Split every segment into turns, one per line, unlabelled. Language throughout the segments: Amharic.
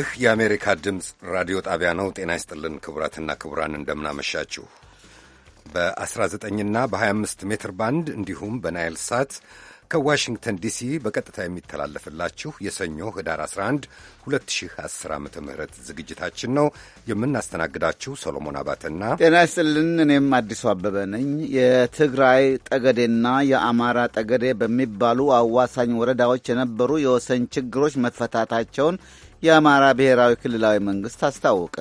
ይህ የአሜሪካ ድምፅ ራዲዮ ጣቢያ ነው። ጤና ይስጥልን ክቡራትና ክቡራን እንደምናመሻችሁ። በ19ና በ25 ሜትር ባንድ እንዲሁም በናይል ሳት ከዋሽንግተን ዲሲ በቀጥታ የሚተላለፍላችሁ የሰኞ ህዳር 11 2010 ዓ ም ዝግጅታችን ነው። የምናስተናግዳችሁ ሰሎሞን አባተና ጤና ይስጥልን። እኔም አዲሱ አበበ ነኝ። የትግራይ
ጠገዴና የአማራ ጠገዴ በሚባሉ አዋሳኝ ወረዳዎች የነበሩ የወሰን ችግሮች መፈታታቸውን የአማራ ብሔራዊ ክልላዊ መንግስት አስታወቀ።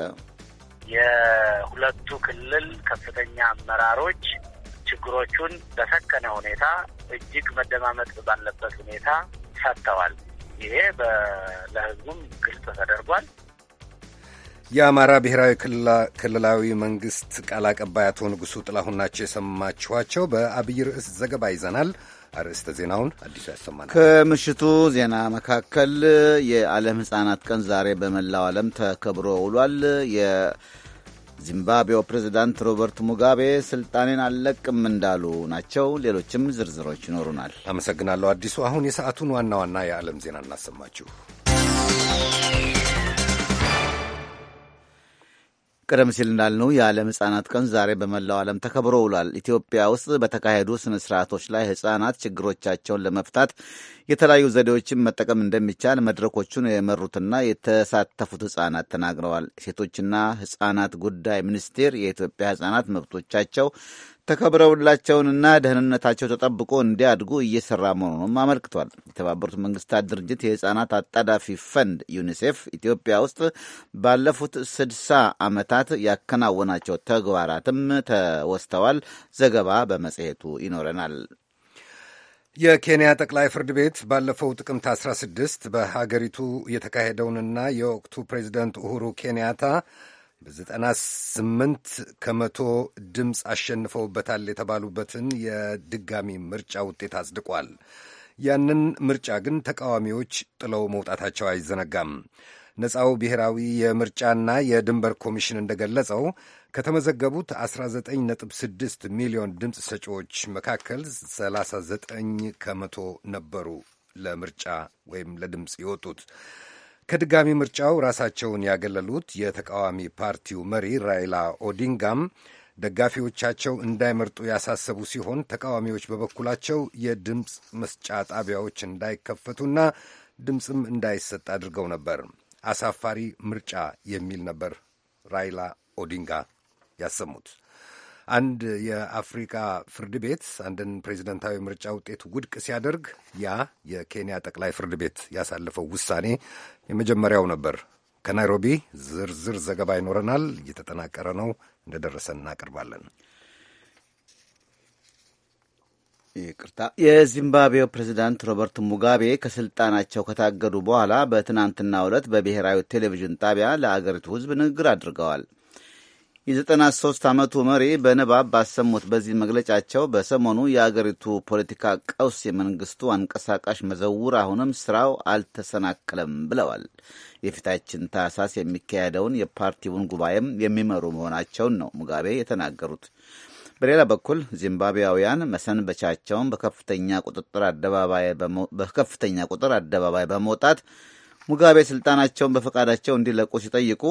የሁለቱ ክልል ከፍተኛ አመራሮች ችግሮቹን በሰከነ ሁኔታ እጅግ መደማመጥ ባለበት ሁኔታ ሰጥተዋል። ይሄ ለህዝቡም ግልጽ ተደርጓል።
የአማራ ብሔራዊ ክልላዊ መንግስት ቃል አቀባይ አቶ ንጉሱ ጥላሁን ናቸው የሰማችኋቸው። በአብይ ርዕስ ዘገባ ይዘናል። አርዕስተ ዜናውን አዲሱ ያሰማናል።
ከምሽቱ ዜና መካከል የዓለም ሕጻናት ቀን ዛሬ በመላው ዓለም ተከብሮ ውሏል። የዚምባብዌው ፕሬዚዳንት ሮበርት ሙጋቤ ስልጣኔን አልለቅም እንዳሉ
ናቸው። ሌሎችም ዝርዝሮች ይኖሩናል። አመሰግናለሁ አዲሱ። አሁን የሰዓቱን ዋና ዋና የዓለም ዜና እናሰማችሁ።
ቀደም ሲል እንዳልነው የዓለም ህጻናት ቀን ዛሬ በመላው ዓለም ተከብሮ ውሏል። ኢትዮጵያ ውስጥ በተካሄዱ ስነ ስርዓቶች ላይ ህጻናት ችግሮቻቸውን ለመፍታት የተለያዩ ዘዴዎችን መጠቀም እንደሚቻል መድረኮቹን የመሩትና የተሳተፉት ሕፃናት ተናግረዋል። ሴቶችና ሕፃናት ጉዳይ ሚኒስቴር የኢትዮጵያ ህጻናት መብቶቻቸው ተከብረውላቸውንና ደህንነታቸው ተጠብቆ እንዲያድጉ እየሰራ መሆኑንም አመልክቷል። የተባበሩት መንግስታት ድርጅት የህፃናት አጣዳፊ ፈንድ ዩኒሴፍ ኢትዮጵያ ውስጥ ባለፉት ስድሳ ዓመታት ያከናወናቸው ተግባራትም ተወስተዋል። ዘገባ በመጽሔቱ ይኖረናል።
የኬንያ ጠቅላይ ፍርድ ቤት ባለፈው ጥቅምት 16 በሀገሪቱ የተካሄደውንና የወቅቱ ፕሬዚደንት ኡሁሩ ኬንያታ በዘጠና ስምንት ከመቶ ድምፅ አሸንፈውበታል የተባሉበትን የድጋሚ ምርጫ ውጤት አጽድቋል። ያንን ምርጫ ግን ተቃዋሚዎች ጥለው መውጣታቸው አይዘነጋም። ነፃው ብሔራዊ የምርጫና የድንበር ኮሚሽን እንደገለጸው ከተመዘገቡት 19.6 ሚሊዮን ድምፅ ሰጪዎች መካከል 39 ከመቶ ነበሩ ለምርጫ ወይም ለድምፅ የወጡት። ከድጋሚ ምርጫው ራሳቸውን ያገለሉት የተቃዋሚ ፓርቲው መሪ ራይላ ኦዲንጋም ደጋፊዎቻቸው እንዳይመርጡ ያሳሰቡ ሲሆን ተቃዋሚዎች በበኩላቸው የድምፅ መስጫ ጣቢያዎች እንዳይከፈቱና ድምፅም እንዳይሰጥ አድርገው ነበር። አሳፋሪ ምርጫ የሚል ነበር ራይላ ኦዲንጋ ያሰሙት። አንድ የአፍሪካ ፍርድ ቤት አንድን ፕሬዚደንታዊ ምርጫ ውጤት ውድቅ ሲያደርግ ያ የኬንያ ጠቅላይ ፍርድ ቤት ያሳለፈው ውሳኔ የመጀመሪያው ነበር። ከናይሮቢ ዝርዝር ዘገባ ይኖረናል። እየተጠናቀረ ነው፣ እንደደረሰን እናቀርባለን።
ይቅርታ። የዚምባብዌው ፕሬዚዳንት ሮበርት ሙጋቤ ከስልጣናቸው ከታገዱ በኋላ በትናንትናው ዕለት በብሔራዊ ቴሌቪዥን ጣቢያ ለአገሪቱ ሕዝብ ንግግር አድርገዋል። የ93 ዓመቱ መሪ በንባብ ባሰሙት በዚህ መግለጫቸው በሰሞኑ የአገሪቱ ፖለቲካ ቀውስ የመንግስቱ አንቀሳቃሽ መዘውር አሁንም ስራው አልተሰናከለም ብለዋል። የፊታችን ታህሳስ የሚካሄደውን የፓርቲውን ጉባኤም የሚመሩ መሆናቸውን ነው ሙጋቤ የተናገሩት። በሌላ በኩል ዚምባብያውያን መሰንበቻቸውን በከፍተኛ ቁጥጥር አደባባይ በከፍተኛ ቁጥር አደባባይ በመውጣት ሙጋቤ ስልጣናቸውን በፈቃዳቸው እንዲለቁ ሲጠይቁ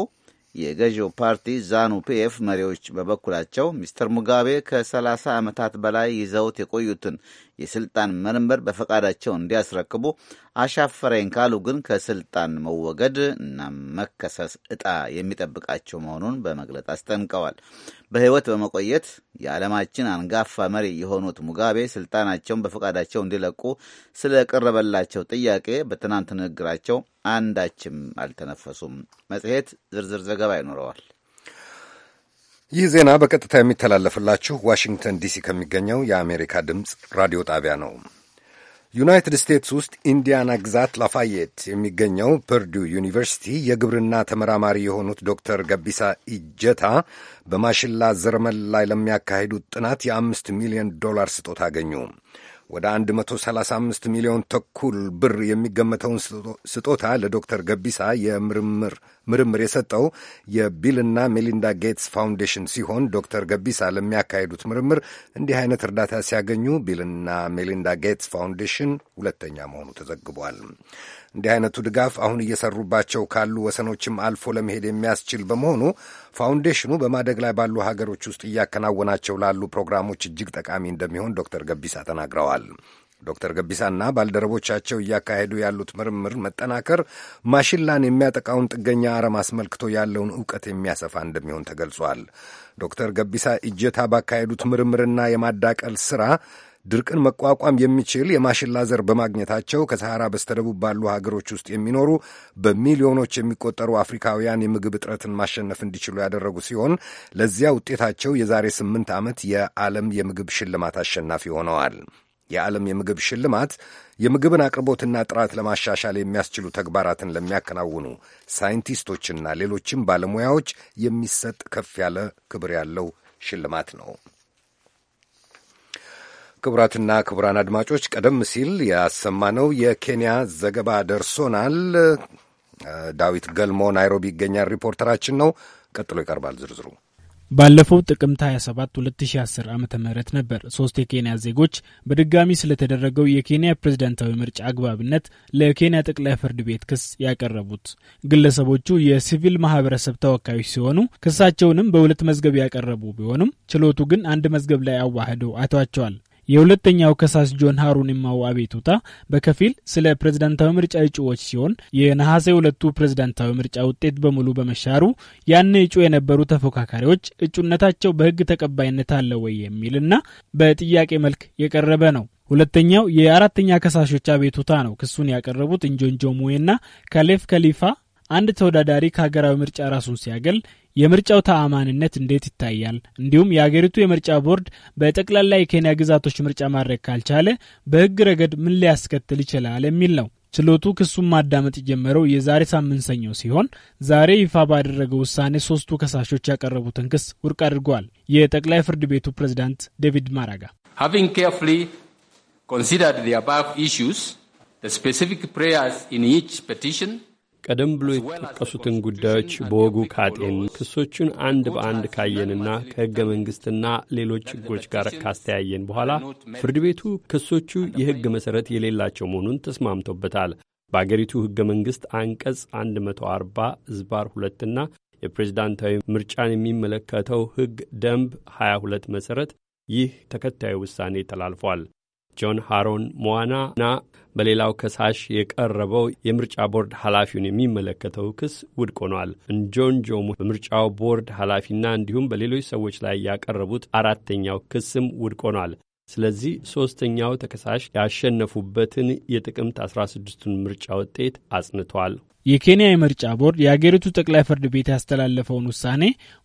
የገዢው ፓርቲ ዛኑ ፒኤፍ መሪዎች በበኩላቸው ሚስተር ሙጋቤ ከሰላሳ ዓመታት በላይ ይዘውት የቆዩትን የስልጣን መንበር በፈቃዳቸው እንዲያስረክቡ አሻፈረኝ ካሉ ግን ከስልጣን መወገድ እና መከሰስ እጣ የሚጠብቃቸው መሆኑን በመግለጽ አስጠንቀዋል። በሕይወት በመቆየት የዓለማችን አንጋፋ መሪ የሆኑት ሙጋቤ ስልጣናቸውን በፈቃዳቸው እንዲለቁ ስለቀረበላቸው ጥያቄ በትናንት ንግግራቸው አንዳችም አልተነፈሱም። መጽሔት ዝርዝር ዘገባ ይኖረዋል።
ይህ ዜና በቀጥታ የሚተላለፍላችሁ ዋሽንግተን ዲሲ ከሚገኘው የአሜሪካ ድምፅ ራዲዮ ጣቢያ ነው። ዩናይትድ ስቴትስ ውስጥ ኢንዲያና ግዛት ላፋየት የሚገኘው ፐርዱ ዩኒቨርሲቲ የግብርና ተመራማሪ የሆኑት ዶክተር ገቢሳ ኢጀታ በማሽላ ዘረመል ላይ ለሚያካሂዱት ጥናት የአምስት ሚሊዮን ዶላር ስጦታ አገኙ። ወደ 135 ሚሊዮን ተኩል ብር የሚገመተውን ስጦታ ለዶክተር ገቢሳ የምርምር ምርምር የሰጠው የቢልና ሜሊንዳ ጌትስ ፋውንዴሽን ሲሆን ዶክተር ገቢሳ ለሚያካሂዱት ምርምር እንዲህ አይነት እርዳታ ሲያገኙ ቢልና ሜሊንዳ ጌትስ ፋውንዴሽን ሁለተኛ መሆኑ ተዘግቧል። እንዲህ አይነቱ ድጋፍ አሁን እየሰሩባቸው ካሉ ወሰኖችም አልፎ ለመሄድ የሚያስችል በመሆኑ ፋውንዴሽኑ በማደግ ላይ ባሉ ሀገሮች ውስጥ እያከናወናቸው ላሉ ፕሮግራሞች እጅግ ጠቃሚ እንደሚሆን ዶክተር ገቢሳ ተናግረዋል። ዶክተር ገቢሳና ባልደረቦቻቸው እያካሄዱ ያሉት ምርምር መጠናከር ማሽላን የሚያጠቃውን ጥገኛ አረም አስመልክቶ ያለውን እውቀት የሚያሰፋ እንደሚሆን ተገልጿል። ዶክተር ገቢሳ እጀታ ባካሄዱት ምርምርና የማዳቀል ሥራ ድርቅን መቋቋም የሚችል የማሽላ ዘር በማግኘታቸው ከሰሃራ በስተደቡብ ባሉ ሀገሮች ውስጥ የሚኖሩ በሚሊዮኖች የሚቆጠሩ አፍሪካውያን የምግብ እጥረትን ማሸነፍ እንዲችሉ ያደረጉ ሲሆን ለዚያ ውጤታቸው የዛሬ ስምንት ዓመት የዓለም የምግብ ሽልማት አሸናፊ ሆነዋል። የዓለም የምግብ ሽልማት የምግብን አቅርቦትና ጥራት ለማሻሻል የሚያስችሉ ተግባራትን ለሚያከናውኑ ሳይንቲስቶችና ሌሎችም ባለሙያዎች የሚሰጥ ከፍ ያለ ክብር ያለው ሽልማት ነው። ክቡራትና ክቡራን አድማጮች ቀደም ሲል ያሰማነው የኬንያ ዘገባ ደርሶናል። ዳዊት ገልሞ ናይሮቢ ይገኛል ሪፖርተራችን ነው። ቀጥሎ
ይቀርባል ዝርዝሩ ባለፈው ጥቅምት 27 2010 ዓ ም ነበር ሶስት የኬንያ ዜጎች በድጋሚ ስለተደረገው የኬንያ ፕሬዝዳንታዊ ምርጫ አግባብነት ለኬንያ ጠቅላይ ፍርድ ቤት ክስ ያቀረቡት። ግለሰቦቹ የሲቪል ማህበረሰብ ተወካዮች ሲሆኑ ክሳቸውንም በሁለት መዝገብ ያቀረቡ ቢሆንም ችሎቱ ግን አንድ መዝገብ ላይ አዋህዶ አይቷቸዋል። የሁለተኛው ከሳሽ ጆን ሀሩንማው አቤቱታ በከፊል ስለ ፕሬዝዳንታዊ ምርጫ እጩዎች ሲሆን የነሐሴ ሁለቱ ፕሬዝዳንታዊ ምርጫ ውጤት በሙሉ በመሻሩ ያን እጩ የነበሩ ተፎካካሪዎች እጩነታቸው በሕግ ተቀባይነት አለ ወይ የሚልና በጥያቄ መልክ የቀረበ ነው። ሁለተኛው የአራተኛ ከሳሾች አቤቱታ ነው። ክሱን ያቀረቡት እንጆንጆ ሙዌና ካሌፍ ከሊፋ አንድ ተወዳዳሪ ከሀገራዊ ምርጫ ራሱን ሲያገል የምርጫው ተአማንነት እንዴት ይታያል? እንዲሁም የአገሪቱ የምርጫ ቦርድ በጠቅላላ የኬንያ ግዛቶች ምርጫ ማድረግ ካልቻለ በህግ ረገድ ምን ሊያስከትል ይችላል የሚል ነው። ችሎቱ ክሱን ማዳመጥ የጀመረው የዛሬ ሳምንት ሰኞ ሲሆን ዛሬ ይፋ ባደረገው ውሳኔ ሶስቱ ከሳሾች ያቀረቡትን ክስ ውድቅ አድርገዋል። የጠቅላይ ፍርድ ቤቱ ፕሬዝዳንት ዴቪድ ማራጋ
ሃቪንግ ኬርፉሊ ኮንሲደርድ ዘ አባቭ ኢሹስ ዘ ስፔሲፊክ ፕሬየርስ ኢን ኢች ፔቲሽን ቀደም ብሎ የተጠቀሱትን ጉዳዮች በወጉ ካጤን ክሶቹን አንድ በአንድ ካየንና ከሕገ መንግሥትና ሌሎች ሕጎች ጋር ካስተያየን በኋላ ፍርድ ቤቱ ክሶቹ የሕግ መሠረት የሌላቸው መሆኑን ተስማምቶበታል። በአገሪቱ ሕገ መንግሥት አንቀጽ 140 ዝባር 2ና የፕሬዝዳንታዊ ምርጫን የሚመለከተው ሕግ ደንብ 22 መሠረት ይህ ተከታዩ ውሳኔ ተላልፏል። ጆን ሃሮን ና በሌላው ከሳሽ የቀረበው የምርጫ ቦርድ ኃላፊውን የሚመለከተው ክስ ውድቅ ሆኗል። ጆሙ በምርጫው ቦርድ ኃላፊና እንዲሁም በሌሎች ሰዎች ላይ ያቀረቡት አራተኛው ክስም ውድቅ ሆኗል። ስለዚህ ሦስተኛው ተከሳሽ ያሸነፉበትን የጥቅምት 16ቱን ምርጫ ውጤት አጽንቷል።
የኬንያ የምርጫ ቦርድ የአገሪቱ ጠቅላይ ፍርድ ቤት ያስተላለፈውን ውሳኔ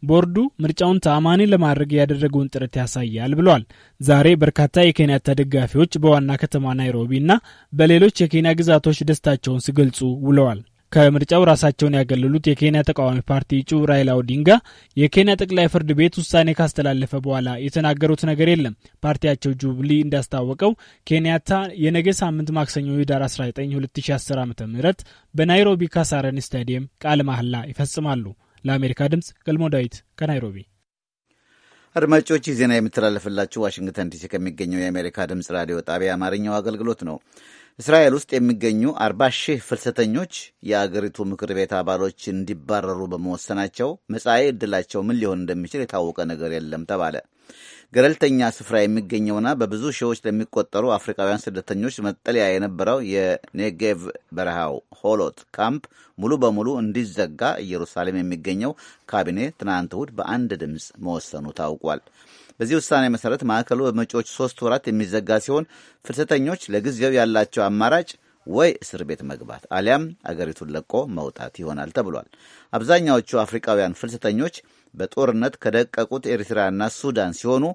ቦርዱ ምርጫውን ተአማኒ ለማድረግ ያደረገውን ጥረት ያሳያል ብሏል። ዛሬ በርካታ የኬንያ ተደጋፊዎች በዋና ከተማ ናይሮቢ እና በሌሎች የኬንያ ግዛቶች ደስታቸውን ሲገልጹ ውለዋል። ከምርጫው ራሳቸውን ያገለሉት የኬንያ ተቃዋሚ ፓርቲ እጩ ራይላ ኦዲንጋ የኬንያ ጠቅላይ ፍርድ ቤት ውሳኔ ካስተላለፈ በኋላ የተናገሩት ነገር የለም። ፓርቲያቸው ጁብሊ እንዳስታወቀው ኬንያታ የነገ ሳምንት ማክሰኞ ህዳር 19 2010 ዓ ም በናይሮቢ ካሳረን ስታዲየም ቃለ መሐላ ይፈጽማሉ። ለአሜሪካ ድምፅ ገልሞ ዳዊት ከናይሮቢ።
አድማጮች ይህ ዜና የሚተላለፍላችሁ ዋሽንግተን ዲሲ ከሚገኘው የአሜሪካ ድምፅ ራዲዮ ጣቢያ አማርኛው አገልግሎት ነው። እስራኤል ውስጥ የሚገኙ አርባ ሺህ ፍልሰተኞች የአገሪቱ ምክር ቤት አባሎች እንዲባረሩ በመወሰናቸው መጻኤ ዕድላቸው ምን ሊሆን እንደሚችል የታወቀ ነገር የለም ተባለ። ገለልተኛ ስፍራ የሚገኘውና በብዙ ሺዎች ለሚቆጠሩ አፍሪካውያን ስደተኞች መጠለያ የነበረው የኔጌቭ በረሃው ሆሎት ካምፕ ሙሉ በሙሉ እንዲዘጋ ኢየሩሳሌም የሚገኘው ካቢኔ ትናንት እሁድ በአንድ ድምፅ መወሰኑ ታውቋል። በዚህ ውሳኔ መሰረት ማዕከሉ በመጪዎች ሶስት ወራት የሚዘጋ ሲሆን ፍልሰተኞች ለጊዜው ያላቸው አማራጭ ወይ እስር ቤት መግባት አሊያም አገሪቱን ለቆ መውጣት ይሆናል ተብሏል። አብዛኛዎቹ አፍሪካውያን ፍልሰተኞች በጦርነት ከደቀቁት ኤርትራና ሱዳን ሲሆኑ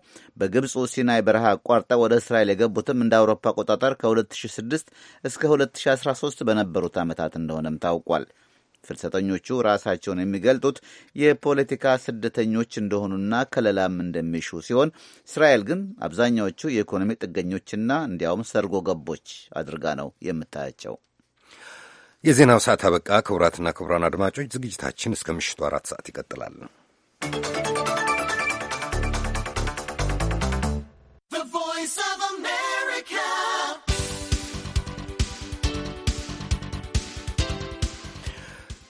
በግብፁ ሲናይ በረሃ አቋርጠው ወደ እስራኤል የገቡትም እንደ አውሮፓ አቆጣጠር ከ2006 እስከ 2013 በነበሩት ዓመታት እንደሆነም ታውቋል። ፍልሰተኞቹ ራሳቸውን የሚገልጡት የፖለቲካ ስደተኞች እንደሆኑና ከለላም እንደሚሹ ሲሆን እስራኤል ግን አብዛኛዎቹ የኢኮኖሚ
ጥገኞችና እንዲያውም ሰርጎ ገቦች አድርጋ ነው የምታያቸው። የዜናው ሰዓት አበቃ። ክቡራትና ክቡራን አድማጮች ዝግጅታችን እስከ ምሽቱ አራት ሰዓት ይቀጥላል።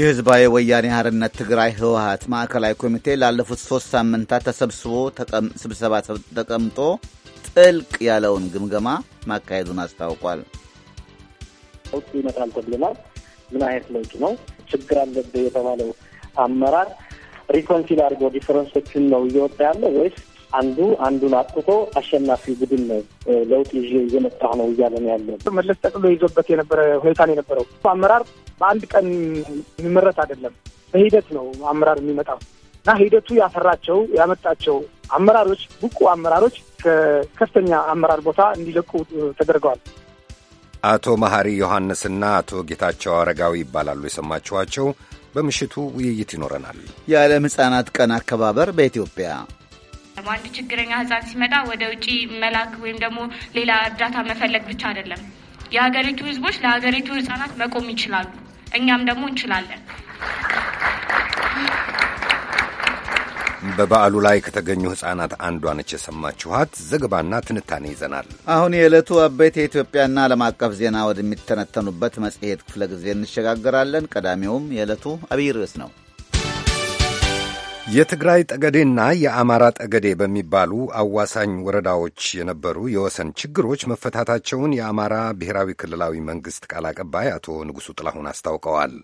የህዝባዊ ወያኔ ሓርነት ትግራይ ህወሀት ማዕከላዊ ኮሚቴ ላለፉት ሶስት ሳምንታት ተሰብስቦ ስብሰባ ተቀምጦ ጥልቅ ያለውን ግምገማ ማካሄዱን አስታውቋል።
ለውጥ ይመጣል ተብለናል። ምን አይነት ለውጥ ነው? ችግር አለብህ የተባለው አመራር ሪኮንሲል አድርገው ዲፈረንሶችን ነው እየወጣ ያለው ወይስ አንዱ አንዱን አጥቶ አሸናፊ ቡድን ነው ለውጥ ይዤ እየመጣሁ ነው እያለን ያለ መለስ ጠቅሎ ይዞበት የነበረ ሁኔታ ነው የነበረው። አመራር በአንድ ቀን የሚመረት አይደለም፣ በሂደት ነው አመራር የሚመጣው እና ሂደቱ ያፈራቸው ያመጣቸው አመራሮች ብቁ አመራሮች ከከፍተኛ አመራር ቦታ እንዲለቁ
ተደርገዋል። አቶ መሐሪ ዮሐንስና አቶ ጌታቸው አረጋዊ ይባላሉ የሰማችኋቸው። በምሽቱ ውይይት ይኖረናል። የዓለም ሕፃናት ቀን አከባበር በኢትዮጵያ
አንድ ችግረኛ ህጻን ሲመጣ ወደ ውጭ መላክ ወይም ደግሞ ሌላ እርዳታ መፈለግ ብቻ አይደለም። የሀገሪቱ ህዝቦች ለሀገሪቱ ህጻናት መቆም ይችላሉ። እኛም ደግሞ እንችላለን።
በበዓሉ ላይ ከተገኙ ህጻናት አንዷ ነች የሰማችኋት። ዘገባና ትንታኔ ይዘናል። አሁን የዕለቱ
አበይት የኢትዮጵያና ዓለም አቀፍ ዜና ወደሚተነተኑበት መጽሔት ክፍለ ጊዜ እንሸጋገራለን። ቀዳሚውም የዕለቱ አብይ ርዕስ ነው።
የትግራይ ጠገዴና የአማራ ጠገዴ በሚባሉ አዋሳኝ ወረዳዎች የነበሩ የወሰን ችግሮች መፈታታቸውን የአማራ ብሔራዊ ክልላዊ መንግሥት ቃል አቀባይ አቶ ንጉሡ ጥላሁን አስታውቀዋል።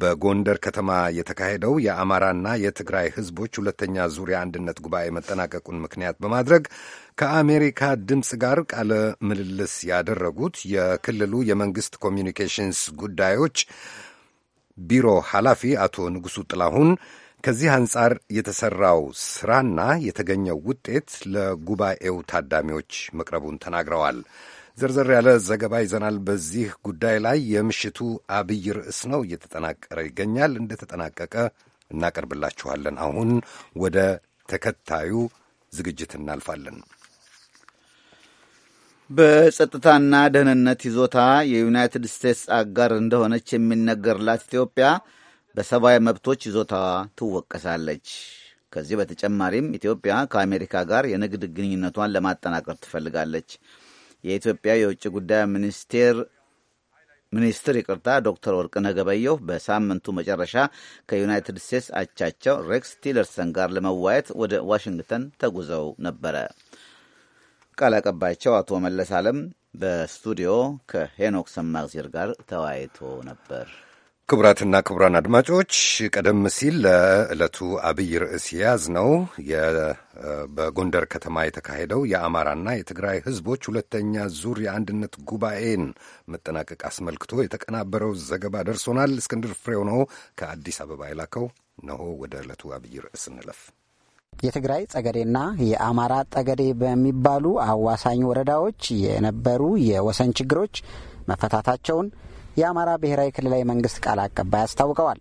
በጎንደር ከተማ የተካሄደው የአማራና የትግራይ ሕዝቦች ሁለተኛ ዙሪያ አንድነት ጉባኤ መጠናቀቁን ምክንያት በማድረግ ከአሜሪካ ድምፅ ጋር ቃለ ምልልስ ያደረጉት የክልሉ የመንግሥት ኮሚኒኬሽንስ ጉዳዮች ቢሮ ኃላፊ አቶ ንጉሡ ጥላሁን ከዚህ አንጻር የተሠራው ሥራና የተገኘው ውጤት ለጉባኤው ታዳሚዎች መቅረቡን ተናግረዋል። ዘርዘር ያለ ዘገባ ይዘናል። በዚህ ጉዳይ ላይ የምሽቱ አብይ ርዕስ ነው፣ እየተጠናቀረ ይገኛል። እንደተጠናቀቀ እናቀርብላችኋለን። አሁን ወደ ተከታዩ ዝግጅት እናልፋለን።
በጸጥታና
ደህንነት ይዞታ የዩናይትድ ስቴትስ አጋር እንደሆነች የሚነገርላት ኢትዮጵያ በሰብአዊ መብቶች ይዞታዋ ትወቀሳለች። ከዚህ በተጨማሪም ኢትዮጵያ ከአሜሪካ ጋር የንግድ ግንኙነቷን ለማጠናከር ትፈልጋለች። የኢትዮጵያ የውጭ ጉዳይ ሚኒስቴር ሚኒስትር ይቅርታ ዶክተር ወርቅነህ ገበየሁ በሳምንቱ መጨረሻ ከዩናይትድ ስቴትስ አቻቸው ሬክስ ቲለርሰን ጋር ለመዋየት ወደ ዋሽንግተን ተጉዘው ነበረ። ቃል አቀባያቸው አቶ መለስ አለም በስቱዲዮ ከሄኖክ ሰማግዜር ጋር ተወያይቶ ነበር።
ክቡራትና ክቡራን አድማጮች ቀደም ሲል ለዕለቱ አብይ ርዕስ የያዝነው በጎንደር ከተማ የተካሄደው የአማራና የትግራይ ህዝቦች ሁለተኛ ዙር የአንድነት ጉባኤን መጠናቀቅ አስመልክቶ የተቀናበረው ዘገባ ደርሶናል። እስክንድር ፍሬው ነው ከአዲስ አበባ የላከው። ነሆ ወደ ዕለቱ አብይ ርዕስ እንለፍ። የትግራይ
ጸገዴና የአማራ ጠገዴ በሚባሉ አዋሳኝ ወረዳዎች የነበሩ የወሰን ችግሮች መፈታታቸውን የአማራ ብሔራዊ ክልላዊ መንግስት ቃል አቀባይ አስታውቀዋል።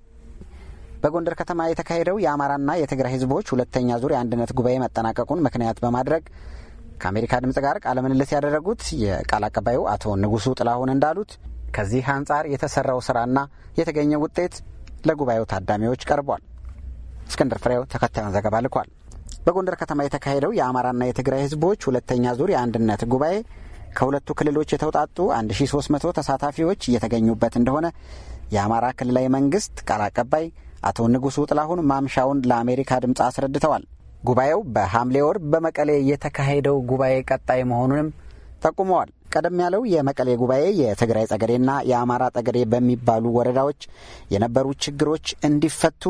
በጎንደር ከተማ የተካሄደው የአማራና የትግራይ ህዝቦች ሁለተኛ ዙር የአንድነት ጉባኤ መጠናቀቁን ምክንያት በማድረግ ከአሜሪካ ድምፅ ጋር ቃለ ምልልስ ያደረጉት የቃል አቀባዩ አቶ ንጉሱ ጥላሁን እንዳሉት ከዚህ አንጻር የተሰራው ስራና የተገኘው ውጤት ለጉባኤው ታዳሚዎች ቀርቧል። እስክንድር ፍሬው ተከታዩን ዘገባ ልኳል። በጎንደር ከተማ የተካሄደው የአማራና የትግራይ ህዝቦች ሁለተኛ ዙር የአንድነት ጉባኤ ከሁለቱ ክልሎች የተውጣጡ 1300 ተሳታፊዎች እየተገኙበት እንደሆነ የአማራ ክልላዊ መንግስት ቃል አቀባይ አቶ ንጉሱ ጥላሁን ማምሻውን ለአሜሪካ ድምፅ አስረድተዋል። ጉባኤው በሐምሌ ወር በመቀሌ የተካሄደው ጉባኤ ቀጣይ መሆኑንም ጠቁመዋል። ቀደም ያለው የመቀሌ ጉባኤ የትግራይ ጸገዴና የአማራ ጸገዴ በሚባሉ ወረዳዎች የነበሩ ችግሮች እንዲፈቱ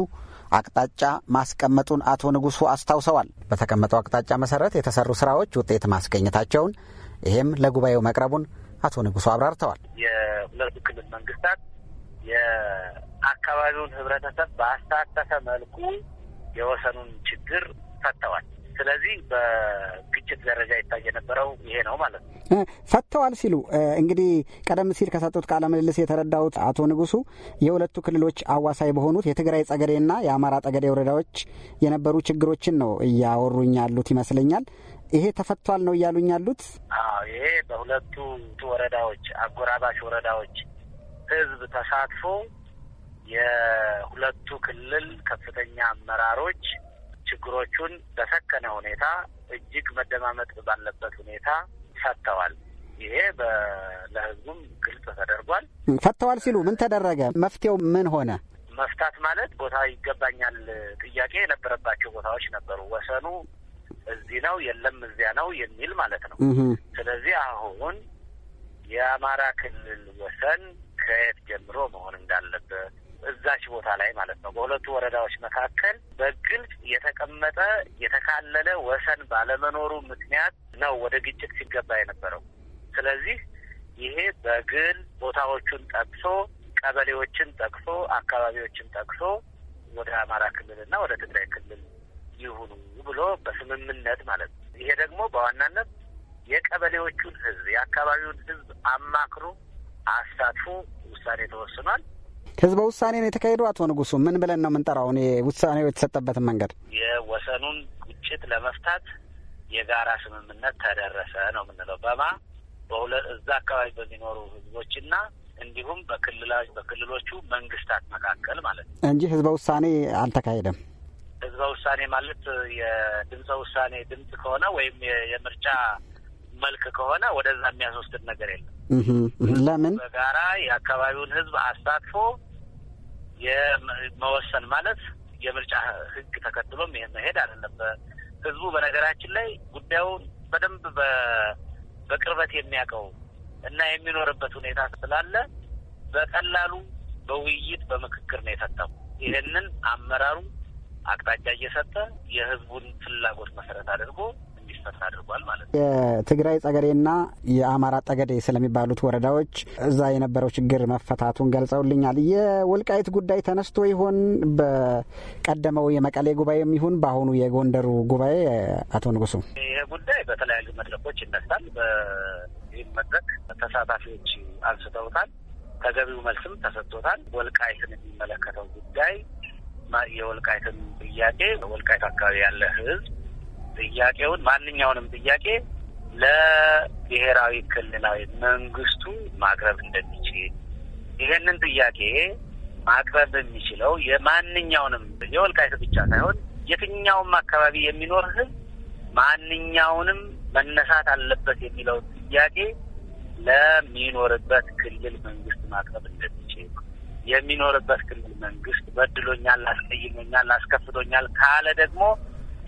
አቅጣጫ ማስቀመጡን አቶ ንጉሱ አስታውሰዋል። በተቀመጠው አቅጣጫ መሰረት የተሰሩ ስራዎች ውጤት ማስገኘታቸውን ይሄም ለጉባኤው መቅረቡን አቶ ንጉሱ አብራርተዋል።
የሁለቱ ክልል መንግስታት የአካባቢውን ህብረተሰብ በአሳተፈ መልኩ የወሰኑን ችግር ፈተዋል። ስለዚህ በግጭት ደረጃ ይታይ የነበረው ይሄ ነው ማለት ነው።
ፈተዋል ሲሉ እንግዲህ ቀደም ሲል ከሰጡት ቃለ ምልልስ የተረዳሁት አቶ ንጉሱ የሁለቱ ክልሎች አዋሳኝ በሆኑት የትግራይ ጸገዴና የአማራ ጠገዴ ወረዳዎች የነበሩ ችግሮችን ነው እያወሩኝ ያሉት ይመስለኛል። ይሄ ተፈቷል ነው እያሉኝ ያሉት?
አዎ ይሄ በሁለቱ ወረዳዎች አጎራባሽ ወረዳዎች ህዝብ ተሳትፎ የሁለቱ ክልል ከፍተኛ አመራሮች ችግሮቹን በሰከነ ሁኔታ እጅግ መደማመጥ ባለበት ሁኔታ ፈተዋል። ይሄ ለህዝቡም ግልጽ ተደርጓል።
ፈተዋል ሲሉ ምን ተደረገ? መፍትሄው ምን ሆነ?
መፍታት ማለት ቦታ ይገባኛል ጥያቄ የነበረባቸው ቦታዎች ነበሩ። ወሰኑ እዚህ ነው የለም እዚያ ነው የሚል ማለት ነው። ስለዚህ አሁን የአማራ ክልል ወሰን ከየት ጀምሮ መሆን እንዳለበት እዛች ቦታ ላይ ማለት ነው በሁለቱ ወረዳዎች መካከል በግልጽ የተቀመጠ የተካለለ ወሰን ባለመኖሩ ምክንያት ነው ወደ ግጭት ሲገባ የነበረው። ስለዚህ ይሄ በግል ቦታዎቹን ጠቅሶ ቀበሌዎችን ጠቅሶ አካባቢዎችን ጠቅሶ ወደ አማራ እና ወደ ትግራይ ክልል ይሁኑ ብሎ በስምምነት ማለት ነው። ይሄ ደግሞ በዋናነት የቀበሌዎቹን ህዝብ የአካባቢውን ህዝብ አማክሮ አሳትፎ ውሳኔ ተወስኗል።
ህዝበ ውሳኔ ነው የተካሄደው። አቶ ንጉሱ ምን ብለን ነው የምንጠራው? እኔ ውሳኔው የተሰጠበትን መንገድ
የወሰኑን ግጭት ለመፍታት የጋራ ስምምነት ተደረሰ ነው የምንለው በማ በሁለ እዛ አካባቢ በሚኖሩ ህዝቦችና እንዲሁም በክልሎቹ መንግስታት መካከል ማለት
ነው እንጂ ህዝበ ውሳኔ አልተካሄደም።
ውሳኔ ማለት የድምፀ ውሳኔ ድምፅ ከሆነ ወይም የምርጫ መልክ ከሆነ ወደዛ የሚያስወስድ ነገር
የለም። ለምን
በጋራ የአካባቢውን ህዝብ አሳትፎ የመወሰን ማለት የምርጫ ህግ ተከትሎም ይሄ መሄድ አይደለም። ሕዝቡ በነገራችን ላይ ጉዳዩን በደንብ በቅርበት የሚያውቀው እና የሚኖርበት ሁኔታ ስላለ በቀላሉ በውይይት በምክክር ነው የፈታው። ይህንን አመራሩ አቅጣጫ እየሰጠ የህዝቡን ፍላጎት መሰረት አድርጎ
እንዲፈታ አድርጓል ማለት የትግራይ ጸገዴና የአማራ ጠገዴ ስለሚባሉት ወረዳዎች እዛ የነበረው ችግር መፈታቱን ገልጸውልኛል። የወልቃይት ጉዳይ ተነስቶ ይሆን? በቀደመው የመቀሌ ጉባኤም ይሁን በአሁኑ የጎንደሩ ጉባኤ አቶ ንጉሱ፣
ይህ ጉዳይ በተለያዩ መድረኮች ይነሳል። በይህ መድረክ ተሳታፊዎች አንስተውታል። ተገቢው መልስም ተሰጥቶታል። ወልቃይትን የሚመለከተው ጉዳይ በተጨማሪ የወልቃይትን ጥያቄ ወልቃይት አካባቢ ያለ ህዝብ ጥያቄውን ማንኛውንም ጥያቄ ለብሔራዊ ክልላዊ መንግስቱ ማቅረብ እንደሚችል ይህንን ጥያቄ ማቅረብ የሚችለው የማንኛውንም የወልቃይት ብቻ ሳይሆን የትኛውም አካባቢ የሚኖር ህዝብ ማንኛውንም መነሳት አለበት የሚለው ጥያቄ ለሚኖርበት ክልል መንግስት ማቅረብ እንደሚችል የሚኖርበት ክልል መንግስት በድሎኛል፣ አስቀይሞኛል፣ አስከፍቶኛል ካለ ደግሞ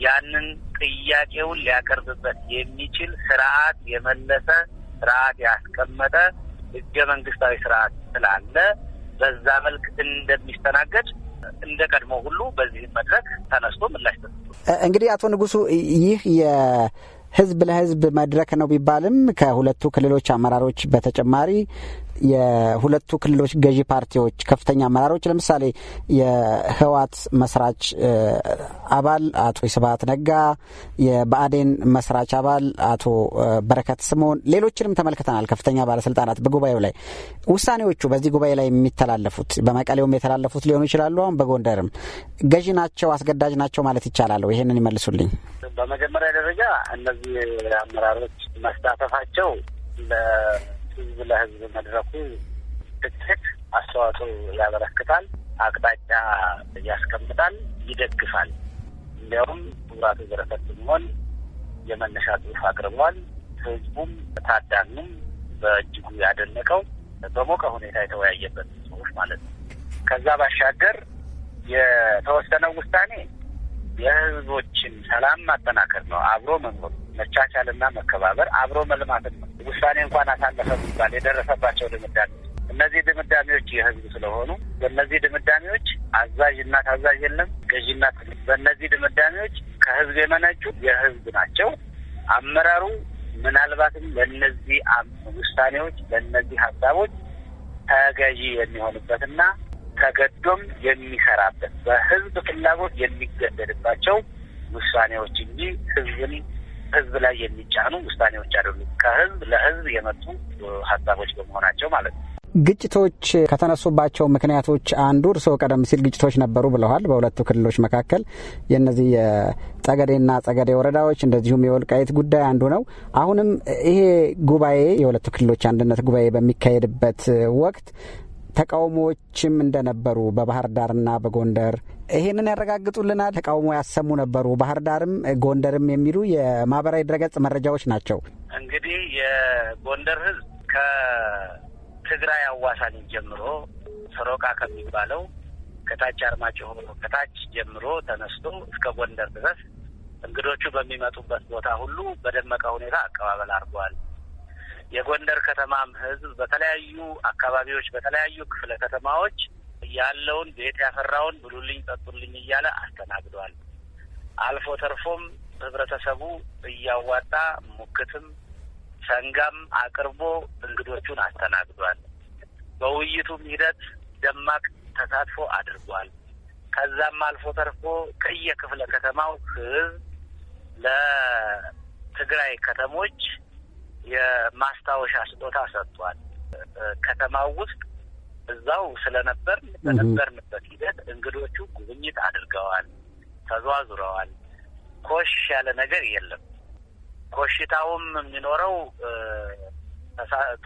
ያንን ጥያቄውን ሊያቀርብበት የሚችል ስርዓት የመለሰ ስርዓት ያስቀመጠ ህገ መንግስታዊ ስርዓት ስላለ በዛ መልክ እንደሚስተናገድ እንደ ቀድሞ ሁሉ በዚህ መድረክ ተነስቶ
ምላሽ እንግዲህ አቶ ንጉሱ ይህ ህዝብ ለህዝብ መድረክ ነው ቢባልም ከሁለቱ ክልሎች አመራሮች በተጨማሪ የሁለቱ ክልሎች ገዢ ፓርቲዎች ከፍተኛ አመራሮች ለምሳሌ የህወሓት መስራች አባል አቶ ስብሀት ነጋ፣ የብአዴን መስራች አባል አቶ በረከት ስምኦን፣ ሌሎችንም ተመልክተናል። ከፍተኛ ባለስልጣናት በጉባኤው ላይ ውሳኔዎቹ በዚህ ጉባኤ ላይ የሚተላለፉት በመቀሌውም የተላለፉት ሊሆኑ ይችላሉ። አሁን በጎንደርም ገዢ ናቸው፣ አስገዳጅ ናቸው ማለት ይቻላል? ይሄንን ይመልሱልኝ።
በመጀመሪያ ደረጃ እነዚህ አመራሮች መሳተፋቸው ለህዝብ ለህዝብ መድረኩ ትክት አስተዋጽኦ ያበረክታል፣ አቅጣጫ ያስቀምጣል፣ ይደግፋል። እንዲያውም ክቡራቱ ዘረፈት ብንሆን የመነሻ ጽሑፍ አቅርቧል። ህዝቡም ታዳሚም በእጅጉ ያደነቀው በሞቀ ሁኔታ የተወያየበት ጽሑፍ ማለት ነው። ከዛ ባሻገር የተወሰነው ውሳኔ የህዝቦችን ሰላም ማጠናከር ነው። አብሮ መኖር፣ መቻቻልና መከባበር፣ አብሮ መልማትን ነው። ውሳኔ እንኳን አሳለፈ የሚባል የደረሰባቸው ድምዳሜ እነዚህ ድምዳሜዎች የህዝብ ስለሆኑ በእነዚህ ድምዳሜዎች እና ታዛዥ የለም፣ ገዥና በእነዚህ ድምዳሜዎች ከህዝብ የመነጩ የህዝብ ናቸው። አመራሩ ምናልባትም ለእነዚህ ውሳኔዎች ለእነዚህ ሀሳቦች ተገዢ የሚሆንበትና ተገዶም የሚሰራበት በህዝብ ፍላጎት የሚገደድባቸው ውሳኔዎች እንጂ ህዝብን ህዝብ ላይ የሚጫኑ ውሳኔዎች አይደሉም። ከህዝብ ለህዝብ የመጡ ሀሳቦች በመሆናቸው ማለት ነው።
ግጭቶች ከተነሱባቸው ምክንያቶች አንዱ እርስዎ ቀደም ሲል ግጭቶች ነበሩ ብለዋል። በሁለቱ ክልሎች መካከል የእነዚህ የጸገዴና ጸገዴ ወረዳዎች እንደዚሁም የወልቃይት ጉዳይ አንዱ ነው። አሁንም ይሄ ጉባኤ የሁለቱ ክልሎች አንድነት ጉባኤ በሚካሄድበት ወቅት ተቃውሞዎችም እንደነበሩ በባህር ዳርና በጎንደር ይሄንን ያረጋግጡልናል። ተቃውሞ ያሰሙ ነበሩ ባህር ዳርም ጎንደርም የሚሉ የማህበራዊ ድረገጽ መረጃዎች ናቸው።
እንግዲህ የጎንደር ህዝብ ከትግራይ አዋሳኝ ጀምሮ ሰሮቃ ከሚባለው ከታች አርማጭሆ ከታች ጀምሮ ተነስቶ እስከ ጎንደር ድረስ እንግዶቹ በሚመጡበት ቦታ ሁሉ በደመቀ ሁኔታ አቀባበል አድርገዋል። የጎንደር ከተማም ህዝብ በተለያዩ አካባቢዎች በተለያዩ ክፍለ ከተማዎች ያለውን ቤት ያፈራውን ብሉልኝ ጠጡልኝ እያለ አስተናግዷል። አልፎ ተርፎም ህብረተሰቡ እያዋጣ ሙክትም ሰንጋም አቅርቦ እንግዶቹን አስተናግዷል። በውይይቱም ሂደት ደማቅ ተሳትፎ አድርጓል። ከዛም አልፎ ተርፎ ከየክፍለ ከተማው ህዝብ ለትግራይ ከተሞች የማስታወሻ ስጦታ ሰጥቷል። ከተማው ውስጥ እዛው ስለነበር በነበርንበት ሂደት እንግዶቹ ጉብኝት አድርገዋል፣ ተዟዙረዋል። ኮሽ ያለ ነገር የለም። ኮሽታውም የሚኖረው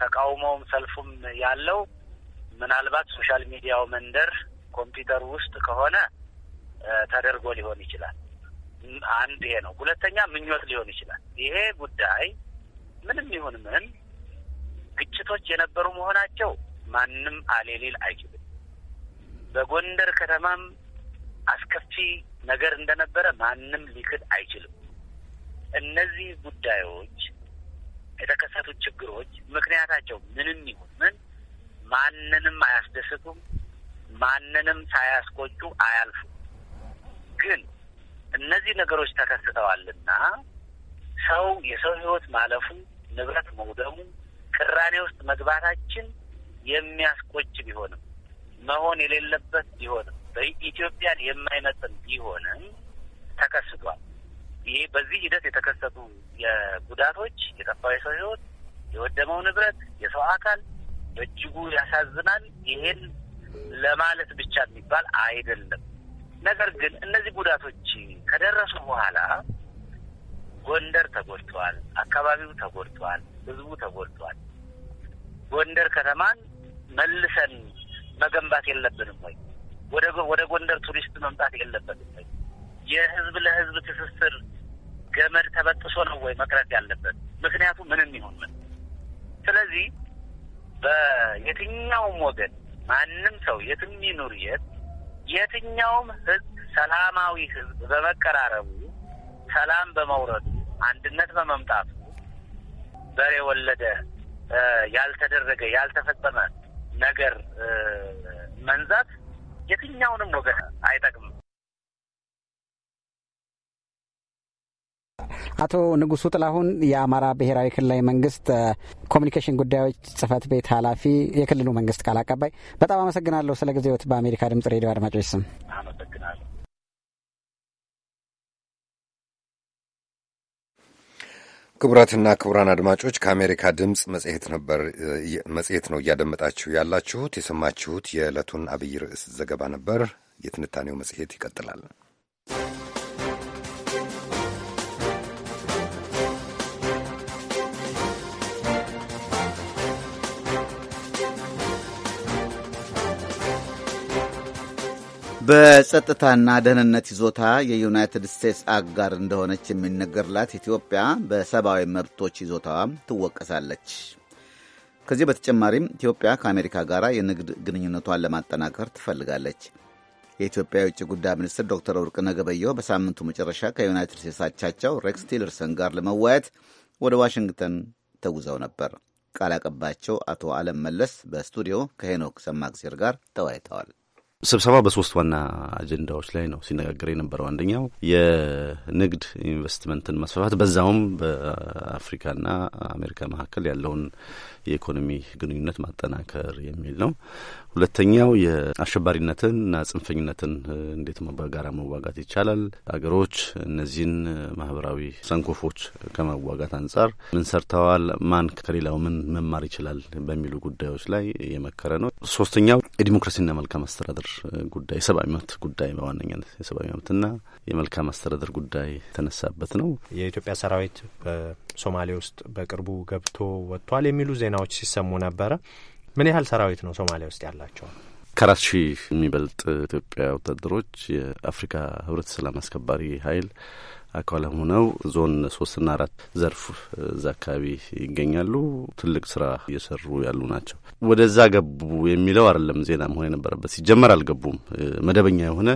ተቃውሞውም ሰልፉም ያለው ምናልባት ሶሻል ሚዲያው መንደር ኮምፒውተር ውስጥ ከሆነ ተደርጎ ሊሆን ይችላል። አንድ ይሄ ነው። ሁለተኛ ምኞት ሊሆን ይችላል። ይሄ ጉዳይ ምንም ይሁን ምን ግጭቶች የነበሩ መሆናቸው ማንም አሌሌል አይችልም። በጎንደር ከተማም አስከፊ ነገር እንደነበረ ማንም ሊክድ አይችልም። እነዚህ ጉዳዮች የተከሰቱ ችግሮች ምክንያታቸው ምንም ይሁን ምን ማንንም አያስደስቱም፣ ማንንም ሳያስቆጩ አያልፉም። ግን እነዚህ ነገሮች ተከስተዋልና ሰው የሰው ህይወት ማለፉ ንብረት መውደሙ፣ ቅራኔ ውስጥ መግባታችን የሚያስቆጭ ቢሆንም መሆን የሌለበት ቢሆንም በኢትዮጵያን የማይመጥን ቢሆንም ተከስቷል። ይሄ በዚህ ሂደት የተከሰቱ የጉዳቶች የጠፋ የሰው ህይወት፣ የወደመው ንብረት፣ የሰው አካል በእጅጉ ያሳዝናል። ይሄን ለማለት ብቻ የሚባል አይደለም። ነገር ግን እነዚህ ጉዳቶች ከደረሱ በኋላ ጎንደር ተጎድተዋል። አካባቢው ተጎድተዋል። ህዝቡ ተጎድተዋል። ጎንደር ከተማን መልሰን መገንባት የለብንም ወይ? ወደ ጎንደር ቱሪስት መምጣት የለበትም ወይ? የህዝብ ለህዝብ ትስስር ገመድ ተበጥሶ ነው ወይ መቅረት ያለበት? ምክንያቱ ምንም ይሁን ምን። ስለዚህ በየትኛውም ወገን ማንም ሰው የትም ይኑር የት የትኛውም ህዝብ ሰላማዊ ህዝብ በመቀራረቡ ሰላም በመውረዱ አንድነት በመምጣቱ በሬ የወለደ ያልተደረገ ያልተፈጸመ ነገር መንዛት የትኛውንም ወገን አይጠቅምም።
አቶ ንጉሱ ጥላሁን የአማራ ብሔራዊ ክልላዊ መንግስት ኮሚኒኬሽን ጉዳዮች ጽህፈት ቤት ኃላፊ፣ የክልሉ መንግስት ቃል አቀባይ፣ በጣም አመሰግናለሁ ስለ ጊዜዎት። በአሜሪካ ድምጽ ሬዲዮ አድማጮች
ስም አመሰግናለሁ።
ክቡራትና ክቡራን አድማጮች ከአሜሪካ ድምፅ መጽሔት ነበር መጽሔት ነው እያደመጣችሁ ያላችሁት። የሰማችሁት የዕለቱን አብይ ርዕስ ዘገባ ነበር። የትንታኔው መጽሔት ይቀጥላል።
በጸጥታና ደህንነት ይዞታ የዩናይትድ ስቴትስ አጋር እንደሆነች የሚነገርላት ኢትዮጵያ በሰብአዊ መብቶች ይዞታዋም ትወቀሳለች። ከዚህ በተጨማሪም ኢትዮጵያ ከአሜሪካ ጋር የንግድ ግንኙነቷን ለማጠናከር ትፈልጋለች። የኢትዮጵያ የውጭ ጉዳይ ሚኒስትር ዶክተር ወርቅነህ ገበየሁ በሳምንቱ መጨረሻ ከዩናይትድ ስቴትስ አቻቸው ሬክስ ቲለርሰን ጋር ለመወያየት ወደ ዋሽንግተን ተጉዘው ነበር። ቃል አቀባቸው አቶ አለም መለስ በስቱዲዮ ከሄኖክ ሰማግዜር ጋር ተወያይተዋል።
ስብሰባ በሶስት ዋና አጀንዳዎች ላይ ነው ሲነጋገር የነበረው። አንደኛው የንግድ ኢንቨስትመንትን ማስፋፋት፣ በዛውም በአፍሪካና አሜሪካ መካከል ያለውን የኢኮኖሚ ግንኙነት ማጠናከር የሚል ነው። ሁለተኛው የአሸባሪነትን የአሸባሪነትንና ጽንፈኝነትን እንዴት በጋራ መዋጋት ይቻላል፣ አገሮች እነዚህን ማህበራዊ ሰንኮፎች ከመዋጋት አንጻር ምን ሰርተዋል፣ ማን ከሌላው ምን መማር ይችላል በሚሉ ጉዳዮች ላይ የመከረ ነው። ሶስተኛው የዲሞክራሲና መልካም አስተዳደር ጉዳይ፣ የሰብአዊ መብት ጉዳይ በዋነኛነት የሰብአዊ መብትና የመልካም አስተዳደር ጉዳይ የተነሳበት ነው።
የኢትዮጵያ ሰራዊት በሶማሌ ውስጥ በቅርቡ ገብቶ ወጥቷል የሚሉ ዜናዎች ሲሰሙ ነበረ። ምን ያህል ሰራዊት ነው ሶማሊያ ውስጥ ያላቸው?
ከአራት ሺህ የሚበልጥ ኢትዮጵያ ወታደሮች የአፍሪካ ህብረት ሰላም አስከባሪ ኃይል አካልም ሆነው ዞን ሶስትና አራት ዘርፍ እዛ አካባቢ ይገኛሉ። ትልቅ ስራ እየሰሩ ያሉ ናቸው። ወደዛ ገቡ የሚለው አይደለም ዜና መሆን የነበረበት። ሲጀመር አልገቡም። መደበኛ የሆነ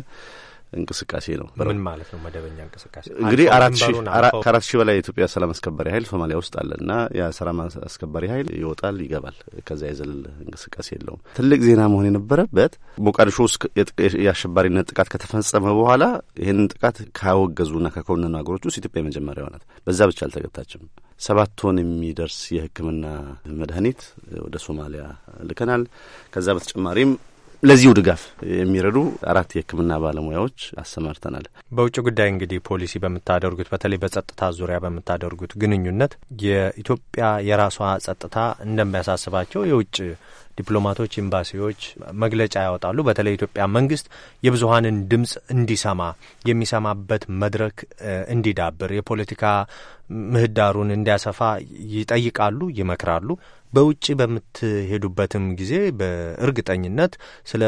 እንቅስቃሴ ነው። ምን ማለት ነው
መደበኛ እንቅስቃሴ? እንግዲህ ከአራት
ሺህ በላይ የኢትዮጵያ ሰላም አስከባሪ ኃይል ሶማሊያ ውስጥ አለ እና የሰላም አስከባሪ ኃይል ይወጣል ይገባል። ከዚያ የዘለለ እንቅስቃሴ የለውም። ትልቅ ዜና መሆን የነበረበት ሞቃዲሾ ውስጥ የአሸባሪነት ጥቃት ከተፈጸመ በኋላ ይህንን ጥቃት ካወገዙና ከኮነኑ ሀገሮች ውስጥ ኢትዮጵያ የመጀመሪያ ናት። በዛ ብቻ አልተገታችም። ሰባት ቶን የሚደርስ የሕክምና መድኃኒት ወደ ሶማሊያ ልከናል። ከዛ በተጨማሪም ለዚሁ ድጋፍ የሚረዱ አራት የሕክምና ባለሙያዎች አሰማርተናል።
በውጭ ጉዳይ እንግዲህ ፖሊሲ በምታደርጉት በተለይ በጸጥታ ዙሪያ በምታደርጉት ግንኙነት የኢትዮጵያ የራሷ ጸጥታ እንደሚያሳስባቸው የውጭ ዲፕሎማቶች፣ ኤምባሲዎች መግለጫ ያወጣሉ። በተለይ የኢትዮጵያ መንግስት የብዙሀንን ድምጽ እንዲሰማ የሚሰማበት መድረክ እንዲዳብር የፖለቲካ ምህዳሩን እንዲያሰፋ ይጠይቃሉ፣ ይመክራሉ። በውጭ በምትሄዱበትም ጊዜ በእርግጠኝነት ስለ